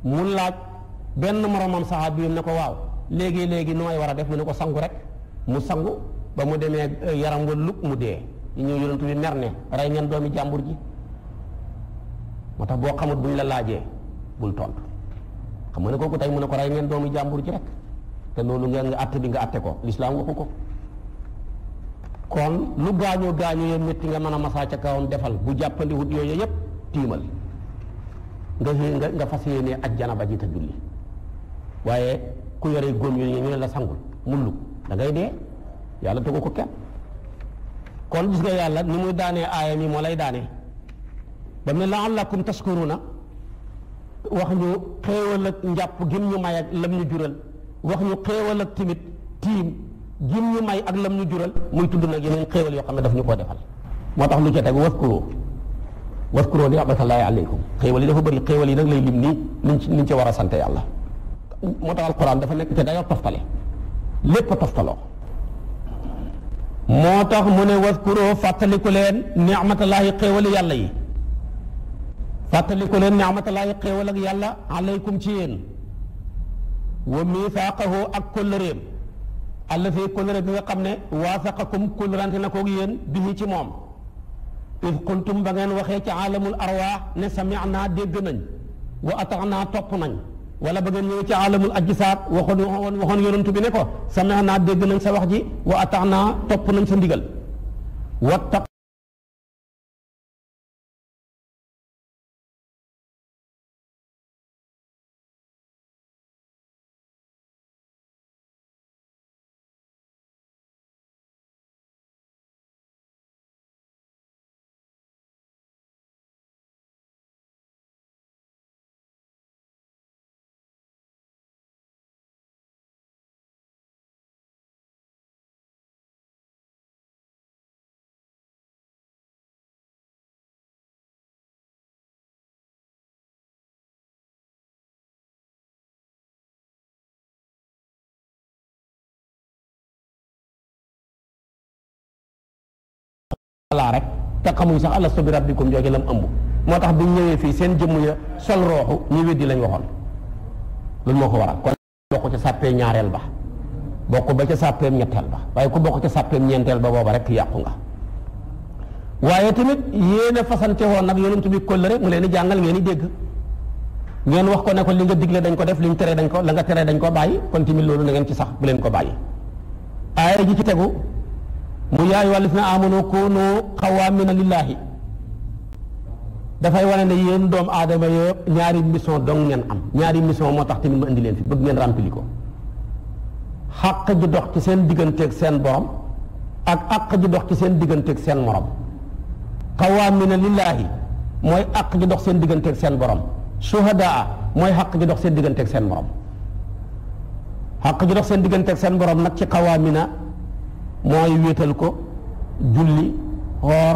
A: mu laaj benn moromam saxaabi yu ne ko waaw léegi léegi nooy war a def mu ne ko sangu rek mu sangu ba mu demee eh, yaram wa lug mu dee ñu ñëw yonent bi mer ne rey ngeen doomi jàmbur ji moo tax boo xamut buñ la laajee bul tontu xam nga ne kooku tey mu ne ko ray ngeen doomi jàmbur ji rek te loolu nga nga atte bi nga atte ko lislaam waxu ko kon lu gaañoo gaañoo ya metti nga mën a masaa ca kawam defal bu jàppandi wut yooyu yépp tiimal nga nga nga fas yéene jana ba ji jiita julli waaye ku yore gom yu ñu ne la sangul mu mullu da ngay dee yàlla tegu ko kenn kon gis nga yàlla ni muy daanee aayam yi moo lay daanee ba mu ne la'allakum tashkuruna wax ñu xéewal ak njàpp gim ñu may ak lam ñu jural wax ñu xéewal ak timit tiim gim ñu may ak lam ñu jural muy tudd nag yeneen xéewal yoo xam ne daf ñu ko defal moo tax lu ca tegu waskuru waskuru ni'matallahi alaykum xéewal yi dafa bëri xéewal yi nag lay lim nii niñ ci niñ ci war a sante yàlla moo tax alquran dafa nekk te dayoo toftale lépp a toftaloo moo tax mu ne waskuroo fàttaliku leen nicmatallaahi xéewali yàlla yi fàttaliku leen nicmatallaahi xéewal ak yàlla alaykum ci yéen wa miisaaqahu ak kóllëreem allafi kóllëre bi nga xam ne waasaqakum kóllërante na koog yéen bihi ci moom id qultum ba ngeen waxee ci aalamul arwaax ne samicnaa dégg nañ wa ataanaa topp nañ wala ba ngeen ñëw ci alamul ajjisaat waxoon waxoon waxoon yonantu bi ne ko sami'naa dégg nañ sa wax ji wa ata'naa
B: topp nañ sa ndigal wattaq laa rek ta xamuñ sax ala sobi rabbikum joge lam ëmb
A: motax bu ñëwee fi seen jëm ya sol rooxu ñu weddi lañ waxoon lu moo ko waral kon bokku ci sappé ñaarel ba bokku ba ci sappé ñettal ba waye ku bokku ci sappé ñentel ba boba rek yaqku nga waye tamit yéen a fasante woon nag yonent bi kóllëre mu leen di ngeen dégg ngeen wax ko ne ko li nga digle dañ ko def liñ téré dañ ko la nga téré dañ ko bayyi kon timi lolu na ngeen ci sax bu leen ko bayyi ay ji ci teggu mu yaay wàllif na amunu kunu xawaamina lillahi dafay wane ne yéen doom aadama yo ñaari mission dong ngeen am ñaari mission moo tax tamit ma indi leen fi bëgg ngeen rempli ko xàq ji dox ci seen digganteeg seen borom ak àq ji dox ci seen digganteeg seen morom xawaamina lillahi mooy àq ji dox seen digganteeg seen borom suhadaa mooy xàq ji dox seen digganteeg seen borom xàq ji dox seen digganteeg seen borom nag ci xawaamina mooy wéetal ko julli xoor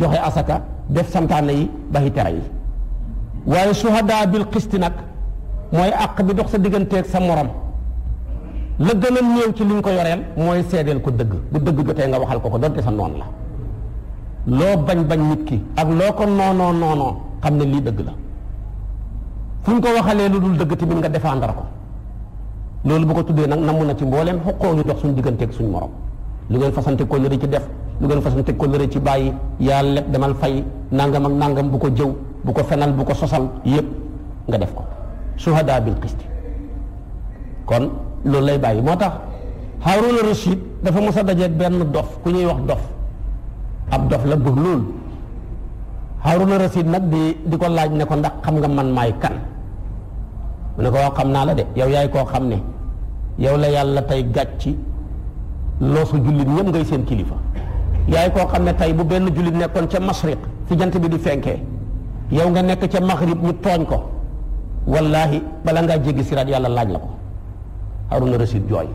A: joxe asaka def santaane yi bahi tere yi waaye suhadaa bil xisti nag mooy àq bi dox sa digganteeg sa morom la gën a néew ci li nga ko yoreel mooy seedeel ko dëgg bu dëgg jotee nga waxal ko ko donte sa noon la loo bañ bañ nit ki ak loo ko noonoo noonoo xam ne lii dëgg la fu ko waxalee lu dul dëgg tamit nga défendre ko loolu bu ko tuddee nag namu na ci mbooleem xoqoo ñu dox suñu digganteeg suñu morom lu ngeen fasante kóllëre ci def lu ngeen fasante kóllëre ci bàyyi yaa leb demal fay nangam ak nangam bu ko jëw bu ko fenal bu ko sosal yépp nga def ko suhada bil qisti kon loolu lay bàyyi moo tax Haaruna Rashid dafa mos a dajeeg benn dof ku ñuy wax dof ab dof la bëgg loolu Haaruna Rashid nag di di ko laaj ne ko ndax xam nga man maay kan mu ne ko waaw xam naa la de yow yaay koo xam ne yow la yàlla tey gàcci loosu jullit ñëpp ngay seen kilifa yaay koo xam ne tey bu benn jullit nekkoon ca masriq fi jant bi du fenkee yow nga nekk ca maghrib ñu tooñ ko wallaahi bala ngaa jéggi siraat yàlla laaj la ko Haruna Rashid jooy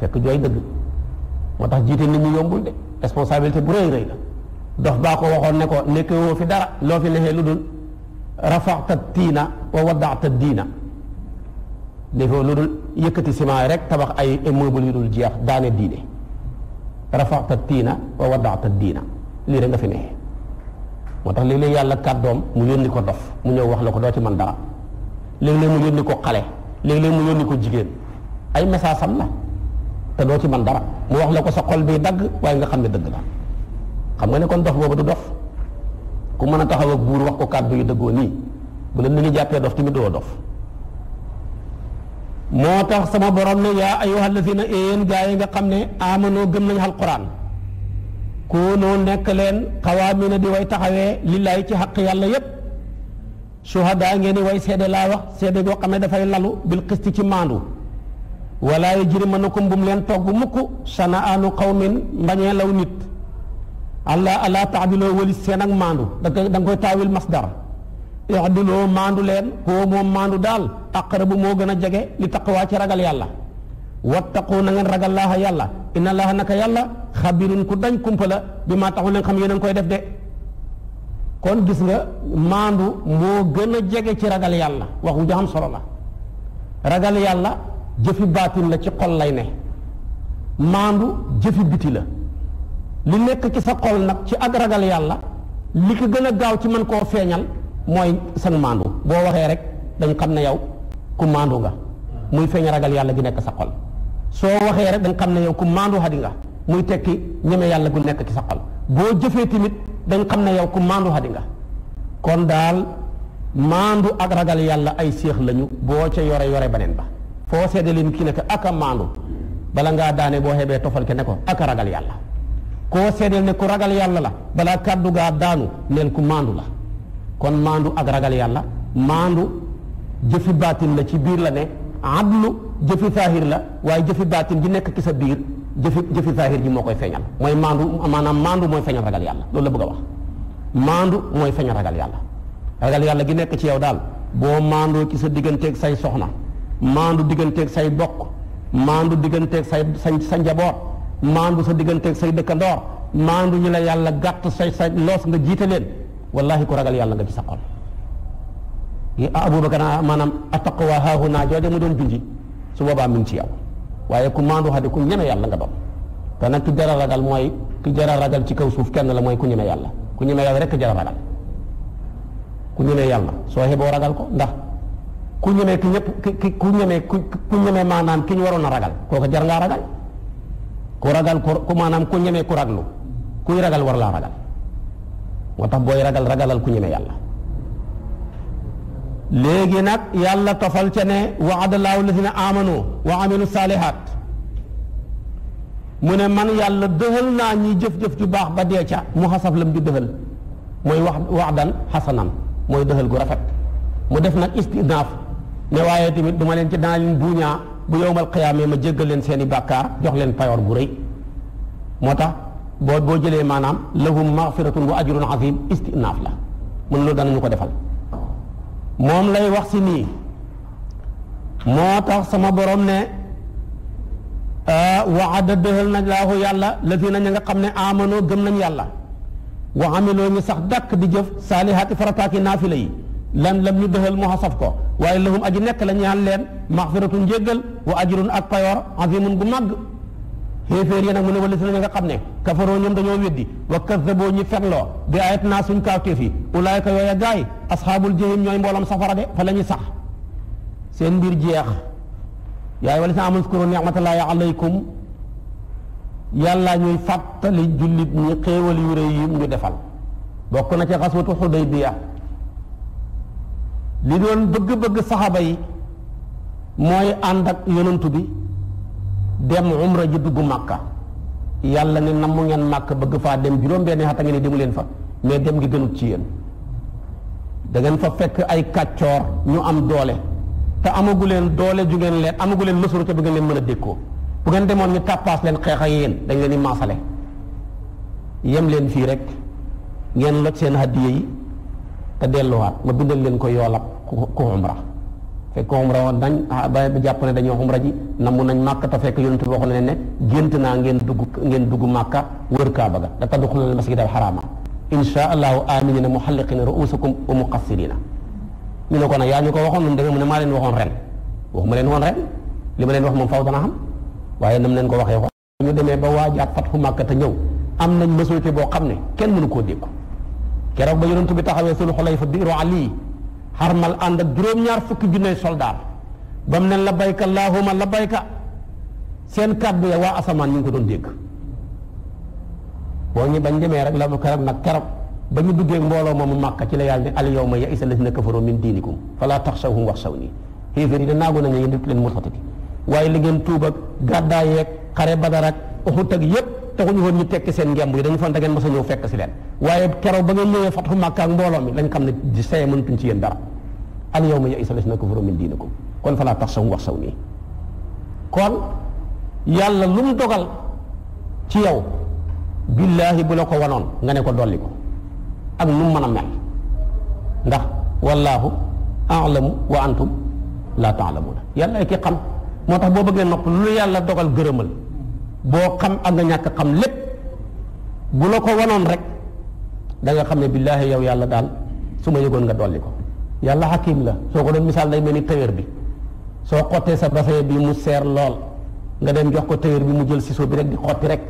A: fekk jooy dëgg moo tax jiite nit ñi yombul de responsabilité bu rëy rëy la dox baa ko waxoon ne ko nekkewoo fi dara loo fi nexee lu dul rafaxta tiina wa waddaxta diina léegi lu dul yëkkati ciment yi rek tabax ay immeuble yu dul jeex daane diine rafaxta tiina wa wadaxta diina lii rek nga fi neexee moo tax léeg-léeg yàlla kàddoom mu yónni ko dof mu ñëw wax la ko doo ci man dara léeg-léeg mu yónni ko xale léeg-léeg mu yónni ko jigéen ay message am la te doo ci man dara mu wax la ko sa xol bi dagg waaye nga xam ne dëgg la xam nga ne kon dof boobu du dof ku mën a taxaw ak buur wax ko kàddu yu dëggoo nii bu leen ni ngi jàppee dof tamit doo dof moo tax sama borom ne yaa ayyuhal lazina yéen gaa yi nga xam ne amanoo gën nañu alquran koonoo nekk leen xawaamina di way taxawee lillaay ci xaq yàlla yépp suhadaa ngeen di way seede laa wax seede goo xam ne dafay lalu bil xisti ci maandu wala yajrimannakum bu mu leen togg mukk sanaanu qawmin mbañee law nit allah allah taadiloo wali seen ak maandu da nga koy taawil masdar yaxdiloo maandu leen koo moom maandu daal aqrabu moo gën a jege li taqwaa ci ragal yàlla wattaqu na ngeen ragal laaha yàlla inna laaha naka yàlla xabirun ku dañ kumpa la bi maa taxu leen xam yéen a koy def de kon gis nga maandu moo gën a jege ci ragal yàlla wax wu jaxam la ragal yàlla jëfi baatin la ci xol lay ne maandu jëfi biti la li nekk ci sa xol nag ci ak ragal yàlla li ko gën a gaaw ci mën koo feeñal mooy san maandu boo waxee rek dañ xam ne yow ku maandu nga muy feeñ ragal yàlla gi nekk sa xol soo waxee rek dañ xam ne yow ku maandu xadi nga muy tekki ñeme yàlla gu nekk ci sa xol boo jëfee tamit dañ xam na yow ku maandu xadi nga kon daal maandu ak ragal yàlla ay séex lañu boo ca yore yore beneen ba foo seede leen ki nekk ak maandu bala ngaa daane boo xeebee tofal ke ne ko ak ragal yàlla koo seedeel ne ku ragal yàlla la balaa kàddu gaa daanu neel ku maandu la kon maandu ak ragal yàlla maandu jëfi baatin la ci biir la ne adlu jëfi saahir la waaye jëfi baatin gi nekk ci sa biir jëfi jëfi saahir ji moo koy feeñal mooy maandu maanaam maandu mooy feeñal ragal yàlla loolu la bëgg a wax maandu mooy feeñal ragal yàlla ragal yàlla gi nekk ci yow daal boo maandoo ki sa digganteeg say soxna maandu digganteek say bokk maandu digganteeg say sa sa njaboot maandu sa digganteeg say dëkkandoor maandu ñu la yàlla gàtt say sa loos nga jiite wallahi ku ragal yàlla nga ci sa xol ah, abubakar ah, maanaam attaqwa haahuna jooje mu doon junji su boobaa mi ngi ci yow waaye ku maandu xadi ku ñeme yàlla nga doon te nag ki jar a ragal mooy ki jar a ragal ci kaw suuf kenn la mooy ku ñeme yàlla ku ñeme yàlla rek jar a ragal ku ñeme yàlla ragal ko ndax ku ñeme ki ñëpp ki ku ñeme ku ñeme maanaam ki ñu waroon a ragal kooku jar ngaa ragal ku ragal ku maanaam ku ñeme kuy ragal war laa ragal moo tax booy ragal ragalal ku ñeme yàlla léegi nag yàlla tofal ca ne waadalaahu alladina amanu wa amilu saalihaat mu ne man yàlla dëxal naa ñi jëf-jëf ju baax ba dee ca mu xasaf lam ju dëxal mooy wax wax waxdan xasanan mooy dëxal gu rafet mu def nag istinaaf ne waaye tamit du leen ci daa leen buuñaa bu yowmal qiyaamee ma jéggal leen seeni i bàkkaar jox leen payoor bu rëy moo tax boo boo jëlee maanaam lahum maghfiratun wa ajrun azim istinaaf la mun loolu danañu ko defal moom lay wax si nii moo tax sama borom ne waada dëxal nañ laahu yàlla lazina ña nga xam ne amanoo gëm nañ yàlla wa amiloo ñu sax dàkk di jëf saalihaati farataaki naafila yi lan lam ñu dëxal mu xasaf ko waaye lahum aji nekk la ñaan leen maxfiratun njéggal wa ajrun ak payoor azimun bu màgg xéeféer yi nag mu ne wala si la nga xam ne kafaroo ñoom dañoo weddi wa kazzaboo ñi fenloo bi ayat naa suñ kaawteef yi ulaayka yooya gaay asxaabul jahim ñooy mboolam safara de fa la ñu sax seen mbir jeex yaay wala si amul skuru ni'matallahi alaykum yàlla ñuy fàttali jullit ñi xéewal yu rëy yi ñu defal bokk na ca xaswatu xudaybiya li doon bëgg-bëgg saxaba yi mooy ànd ak yonantu bi dem umra ji dugg makka yalla ne namu ngeen màkk bëgg faa dem juróom benn xata ngeen demu leen fa mais dem gi gënut ci yeen da ngeen fa fekk ay kàccoor ñu am doole te amagu leen doole ju ngeen leen amagu leen mësuru te bu ngeen leen mën a dékkoo bu ngeen demoon ñu tàppaas leen xeex ak yeen dañ leen di maasale yem leen fii rek ngeen lot seen hadiye yi te delluwaat ma bindal leen ko yoolab ku umra fekk umra woon nañ ah, ba jàpp ne dañoo umra ji namu nañ màkka te fekk yonent bi waxoon ne ne gént naa ngeen dugg ngeen dugg màkka wër kaaba ga da tadxuluna al ne ko nag yaa ñu ko waxoon moom danga mu ne maa leen waxoon ren waxuma leen woon ren ma leen wax moom faw nam leen ko waxee ko ñu demee ba waajaat fatxu màkka te ñëw am nañ majorité boo xam ne kenn mënu koo dégg keroog ba yonent bi taxawee sulu xulayfa biiru ali xarmal ànd ak juróom-ñaar fukki junney soldaar ba mu ne la bayka allahuma la bayka seen kàddu ya waa asamaan ñu ngi ko doon dégg boo ñu bañ demee rek la mu keroog nag keroog ba ñu duggee mbooloo moomu màkka ci la yàlla ne al yawma ya'isa allazina kafaru min diinikum saw taxshawhum waxshawni xéeféer yi da naago nañu yéen def leen murtati waaye li ngeen tuuba ak gàddaa yeeg xare badar ak uxut ak yépp taxuñu woon ñu tekki seen ngemb yi dañu foog da ngeen mos a ñëw fekk si leen waaye keroog ba ngeen ñëwee fatu ak mbooloo mi xam ne di saye mëntuñ ci yéen dara al yawma ya'isa llaziina kafaru min diinikum kon falaa taxshawhum waxshawni kon yàlla lu dogal ci yow billaahi bu la ko wanoon nga ne ko dolli ko ak nu mu mën a mel ndax wallaahu a'lamu wa antum laa ta'lamuuna yàlla ki xam moo tax boo bëggee nopp lu yàlla dogal gërëmal bo xam ak nga ñàkk xam lépp bu la ko wanoon rek da nga xam ne billahi yow yàlla daal su ma yëgoon nga dolli ko yàlla hakim la soo ko doon misaal day mel ni tëwér bi soo xottee sa basin bi mu seer lool nga dem jox ko tëwér bi mu jël siso bi rek di xotti rek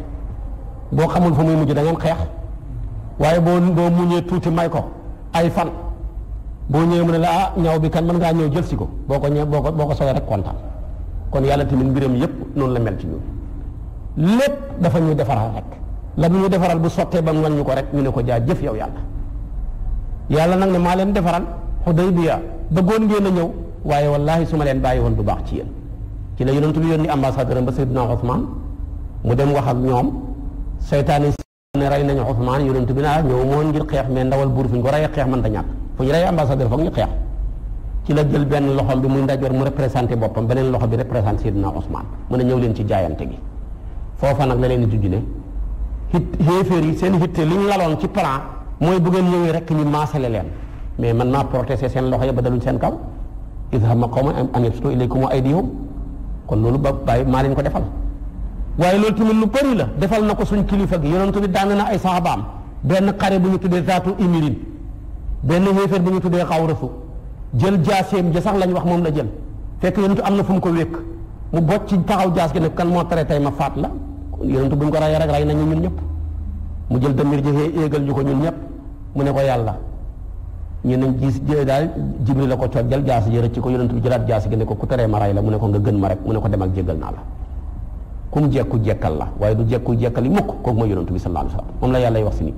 A: boo xamul fu muy mujj da ngeen xeex waaye boo boo muñee tuuti may ko ay fan boo ñëwee mu ne la ah ñaw bi kan mën ngaa ñëw jël si ko boo ko ñëw boo ko boo ko solee rek kontaan kon yàlla tamit mbiram yépp noonu la mel ci ñun lepp dafa ñu defaral rek la ñu defaral bu sotte ba mu ko rek ñu ne ko jaa jëf yow yàlla yàlla nag ne maa leen defaral hudaybiya bëggoon ngeen a ñëw waaye wallahi su ma leen bàyyi woon du baax ci yéen ci la yonentu bi yónni ambassadeur ba sayidina Ousmane mu dem wax ak ñoom seytaan ne rey nañu Ousmane yonentu bi naa ah ñëw moon ngir xeex mais ndawal buur fu ñu ko reyee xeex mën ta ñàkk fu ñu reyee ambassadeur foog ñu xeex ci la jël benn loxom bi muy ndajor mu représenté boppam beneen loxo bi représenté sayidina Ousmane mu ne ñëw leen ci jaayante gi foofa nag la leen di tudd ne hit xéeféer yi seen hitte li ñu laloon ci plan mooy bu ngeen ñëwee rek ñu maasale leen mais man maa protéger seen loxo ya ba daluñ seen kaw ma idhamma qawman an yabsutu ilaykum aydiyahum kon loolu ba bàyyi maa leen ko defal waaye loolu tamit lu bëri la defal na ko suñ kilifa gi yonent bi daan na ay saxaabaam benn xare bu ñu tuddee zaatu imirin benn xéeféer bu ñu tuddee xaw xawrasu jël jaaseem ja sax lañ wax moom la jël fekk yonent am na fu mu ko wékk mu bot ci taxaw jaas gi ne kan moo tere tey ma faat la yonentu buñ ko rayee rek ray nañu ñun ñëpp mu jël damir ji éegal ñu ko ñun ñëpp mu ne ko yàlla ñu nañ gis daal jibri la ko cojjal jaasi ji ci ko yonentu bi jëlaat jaasi gi ne ko ku teree ma ray la mu ne ko nga gën ma rek mu ne ko demal jéggal naa la ku jekku jekkal la waaye du jekku jekkal yi mukk kooku mooy yonentu bi sallallahu alayhi wa sallam moom la yàlla wax si nii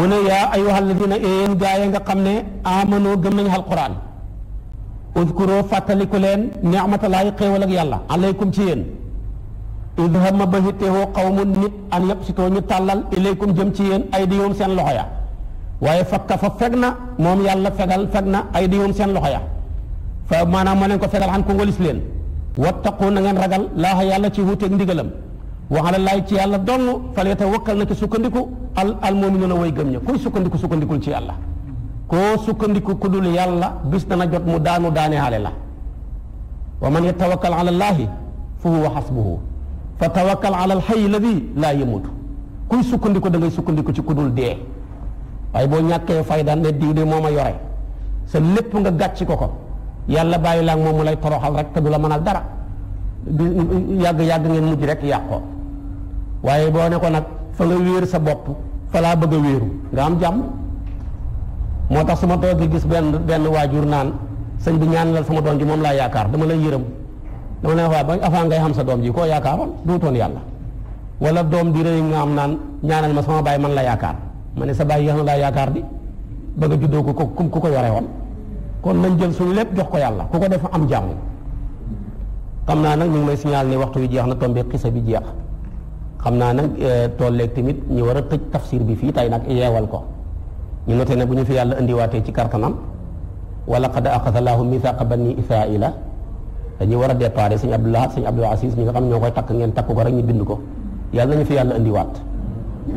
A: mu ne yaa ayyuha alladina yéen gaa yi nga xam ne amanoo gëm nañu alquran uzkuru fàttaliku leen ni'matalaahi xéewal ak yàlla alaykum ci yéen id hamma ba hittewoo qawmun nit an yabsitoo ñu tàllal ilaykum jëm ci yéen ay di yoom seen loxo ya waaye fakka fa feg na moom yàlla fegal feg na ay di yoom seen loxo ya fa maanaam ma leen ko fegal xan ko walis leen wattaqu na ngeen ragal laaxa yàlla ci wuuteeg ndigalam waxala laay ci yàlla donn fale ta wakkal na ci sukkandiku al al muminuna way gëm ña kuy sukkandiku sukkandikul ci yàlla koo sukkandiku ku dul yàlla bis dana jot mu daanu daane xale la wa man yatawakkal ala allaahi fa huwa xasbuhu fa tawakkal ala al hayy alladhi la yamut kuy sukkandiko da ngay sukkandiko ci kudul dee waaye boo ñàkkee fayda ne diw de moma yoré yore sa lepp nga gatch ko ko yalla bàyyi laag moom lay toroxal rek te dula la mënal dara yag yag ngeen mujj rek ko waye bo ne ko nak fa nga wër sa bop fa la bëgg wëru nga am jàmm motax tax toog gis ben ben wajur naan señ bi ñaanal sama doon ji mom la yaakar dama lay yërëm dama ne waaye ba avant ngay xam sa doom ji koo yaakaaroon duutoon yàlla wala doom di rëy nga am naan ñaanal ma sama baay man la yaakaar ma ne sa baay yéex na laa yaakaar di ba nga juddoo ko ko ku ko yore woon kon nañ jël suñu lépp jox ko yàlla ku ko def am jàmm xam naa nag ñu ngi may signal ni waxtu bi jeex na tombé xisa bi jeex xam naa nag euh, tolleeg tamit ñu war a tëj tafsir bi fii tay nag yeewal ko ñu noté ne bu ñu fi yàlla indiwaatee ci kartanam wala qad axada allahu mithaqa bani israila dañuy war a déparé sëñ Abdoulahat sëñ Abdoul Aziz ñi nga xam ñoo koy takk ngeen takk ko rek ñu bind ko yàlla nañu fi yàlla indiwaat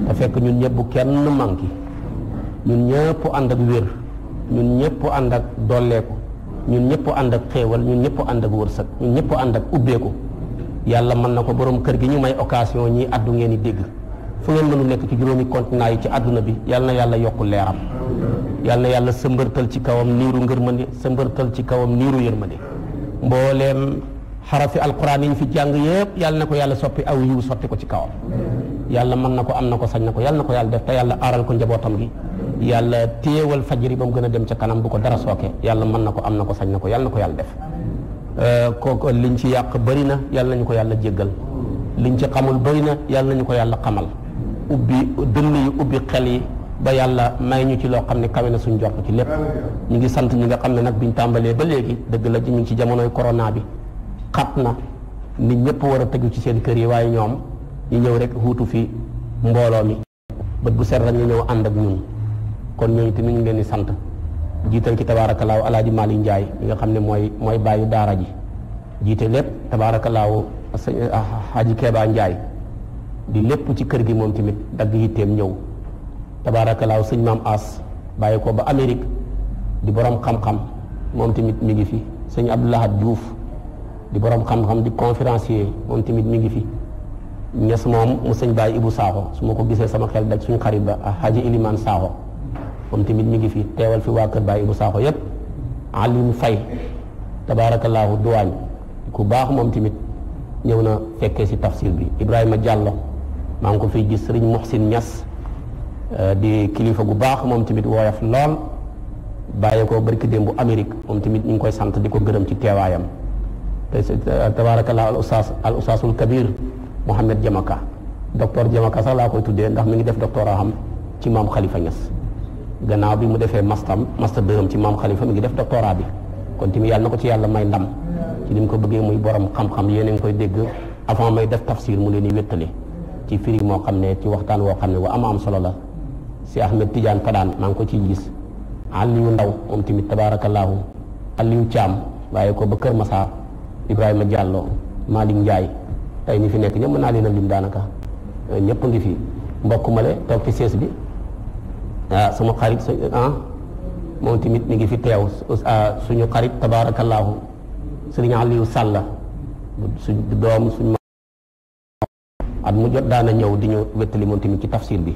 A: te fekk ñun ñëpp bu kenn manqué ñun ñëpp ànd ak wér ñun ñëpp ànd ak dolleeku ñun ñëpp ànd ak xéewal ñun ñëpp ànd ak wërsëg ñun ñëpp ànd ak ubbeeku yàlla mën na ko borom kër gi ñu may occasion ñi addu ngeen di dégg fu ngeen mënu nekk ci juróomi continent yi ci àdduna bi yàlla na yàlla yokku leeram yàlla na yàlla sëmbërtal ci kawam niiru ngërmande sëmbërtal ci kawam niiru yërmande mbooleem xarafi alquran yi ñu fi jàng yëpp yàlla na ko yàlla soppi aw yiw sotti ko ci kawam yàlla mën na ko am na ko sañ na ko yàlla na ko yàlla def te yàlla aaral ko njabootam gi yàlla téewal fajiri ba mu gën a dem ca kanam bu ko dara sooke yàlla mën na ko am na ko sañ na ko yàlla ko yàlla def euh, kooku liñ ci yàq bëri na yàlla nañu ko yàlla jéggal liñ ci na yàlla nañu ko yàlla xamal ubbi dënn yi ubbi xel yi ba yàlla may ñu ci loo xam ne kawe na suñ jot ci lépp ñu ngi sant ñi nga xam ne nag bi ñu tàmbalee ba léegi dëgg la ñu ci jamonoy corona bi xat na nit ñëpp war a tegu ci seen kër yi waaye ñoom ñu ñëw rek huutu fi mbooloo mi bët bu set rek ñu ñëw ànd ak ñun kon ñooñu tamit ñu ngi di sant jiital ci tabaarakalaaw alaaji Mali Njaay mi nga xam ne mooy mooy bàyyi daara ji jiite lépp tabaarakalaaw sëñ ah, Haji Keeba Njaay di lépp ci kër gi moom tamit dagg yitteem ñëw tabarakallah seigne mam as bàyyi ko ba amerique di borom xam-xam mom timit mi ngi fi seigne abdullah diouf di borom xam-xam di conférencier mom timit mi ngi fi ñes mom mu seigne Baye Ibu Sakho suma ko gisee sama xel daj suñu xarit ba Haji Iliman saho mom timit mi ngi fi teewal fi waa Baye Ibu Sakho yeb alim fay tabarakallah duwan ku baax mom timit ñewna fekke ci tafsir bi Ibrahima Diallo maa ngi ko fi gis serigne Mohsin Niass Euh, di kilifa gu baax moom tamit woyof lool bàyyi ko barki démb Amérique moom tamit ñu ngi koy sant di ko gërëm ci teewaayam te tabaarakallah al ustaas al ustaasul kabir Mouhamed Jamaka docteur Jamaka sax laa koy tuddee ndax mi ngi def doctorat am ci maam Khalifa Niass gannaaw bi mu defee mastam master dërëm ci maam xalifa mu ngi def doctorat bi kon tamit yàlla na ko ci yàlla may ndam ci ni mu ko bëggee muy borom xam-xam yéen a ngi koy dégg avant may def tafsir mu leen di ci firi moo xam ne ci waxtaan woo xam ne wa am am solo la si ahmed tidiane Padan maa ngi ko ciy gis aliou ndaw moom tamit tabarakallahu aliou cham waaye ko ba kër massa ibrahima diallo malik ndiaye tay ñi fi nekk ñëpp naa leen a lim daanaka eh, ñëpp ngi fi mbokku male toog fi sees bi ah sama xarit ah moom timi mi ngi fi teew ah, suñu xarit tabarakallahu sëriñ aliou sàlla suñ doom suñ at mu jot daana ñëw di ñu wettali moom tamit ci tafsir bi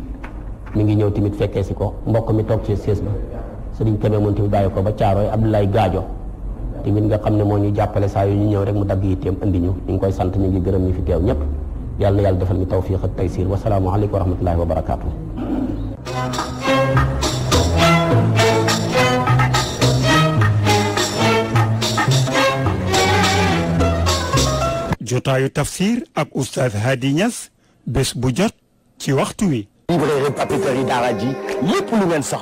A: mi ngi ñew timit fekke ci ko mbokk mi tok ci sées ba serigne kebe mon tamit bayiko ko ba Caaroy Abdoulaye Gaajo timit nga xamne mo ñu jàppale sa yu ñu ñew rek mu yi tem andi ñu ñu koy sant ñu ngi gëreem ñu fi teew ñep yalla yalla defal ñu tawfiq ak salaamu alaykum wa rahmatullahi wa barakatuh jotaayu tafsir ak oustaz Hadi Niass
B: bes bu jot ci waxtu wi. librairie papeterie Daradi les lu même sortent.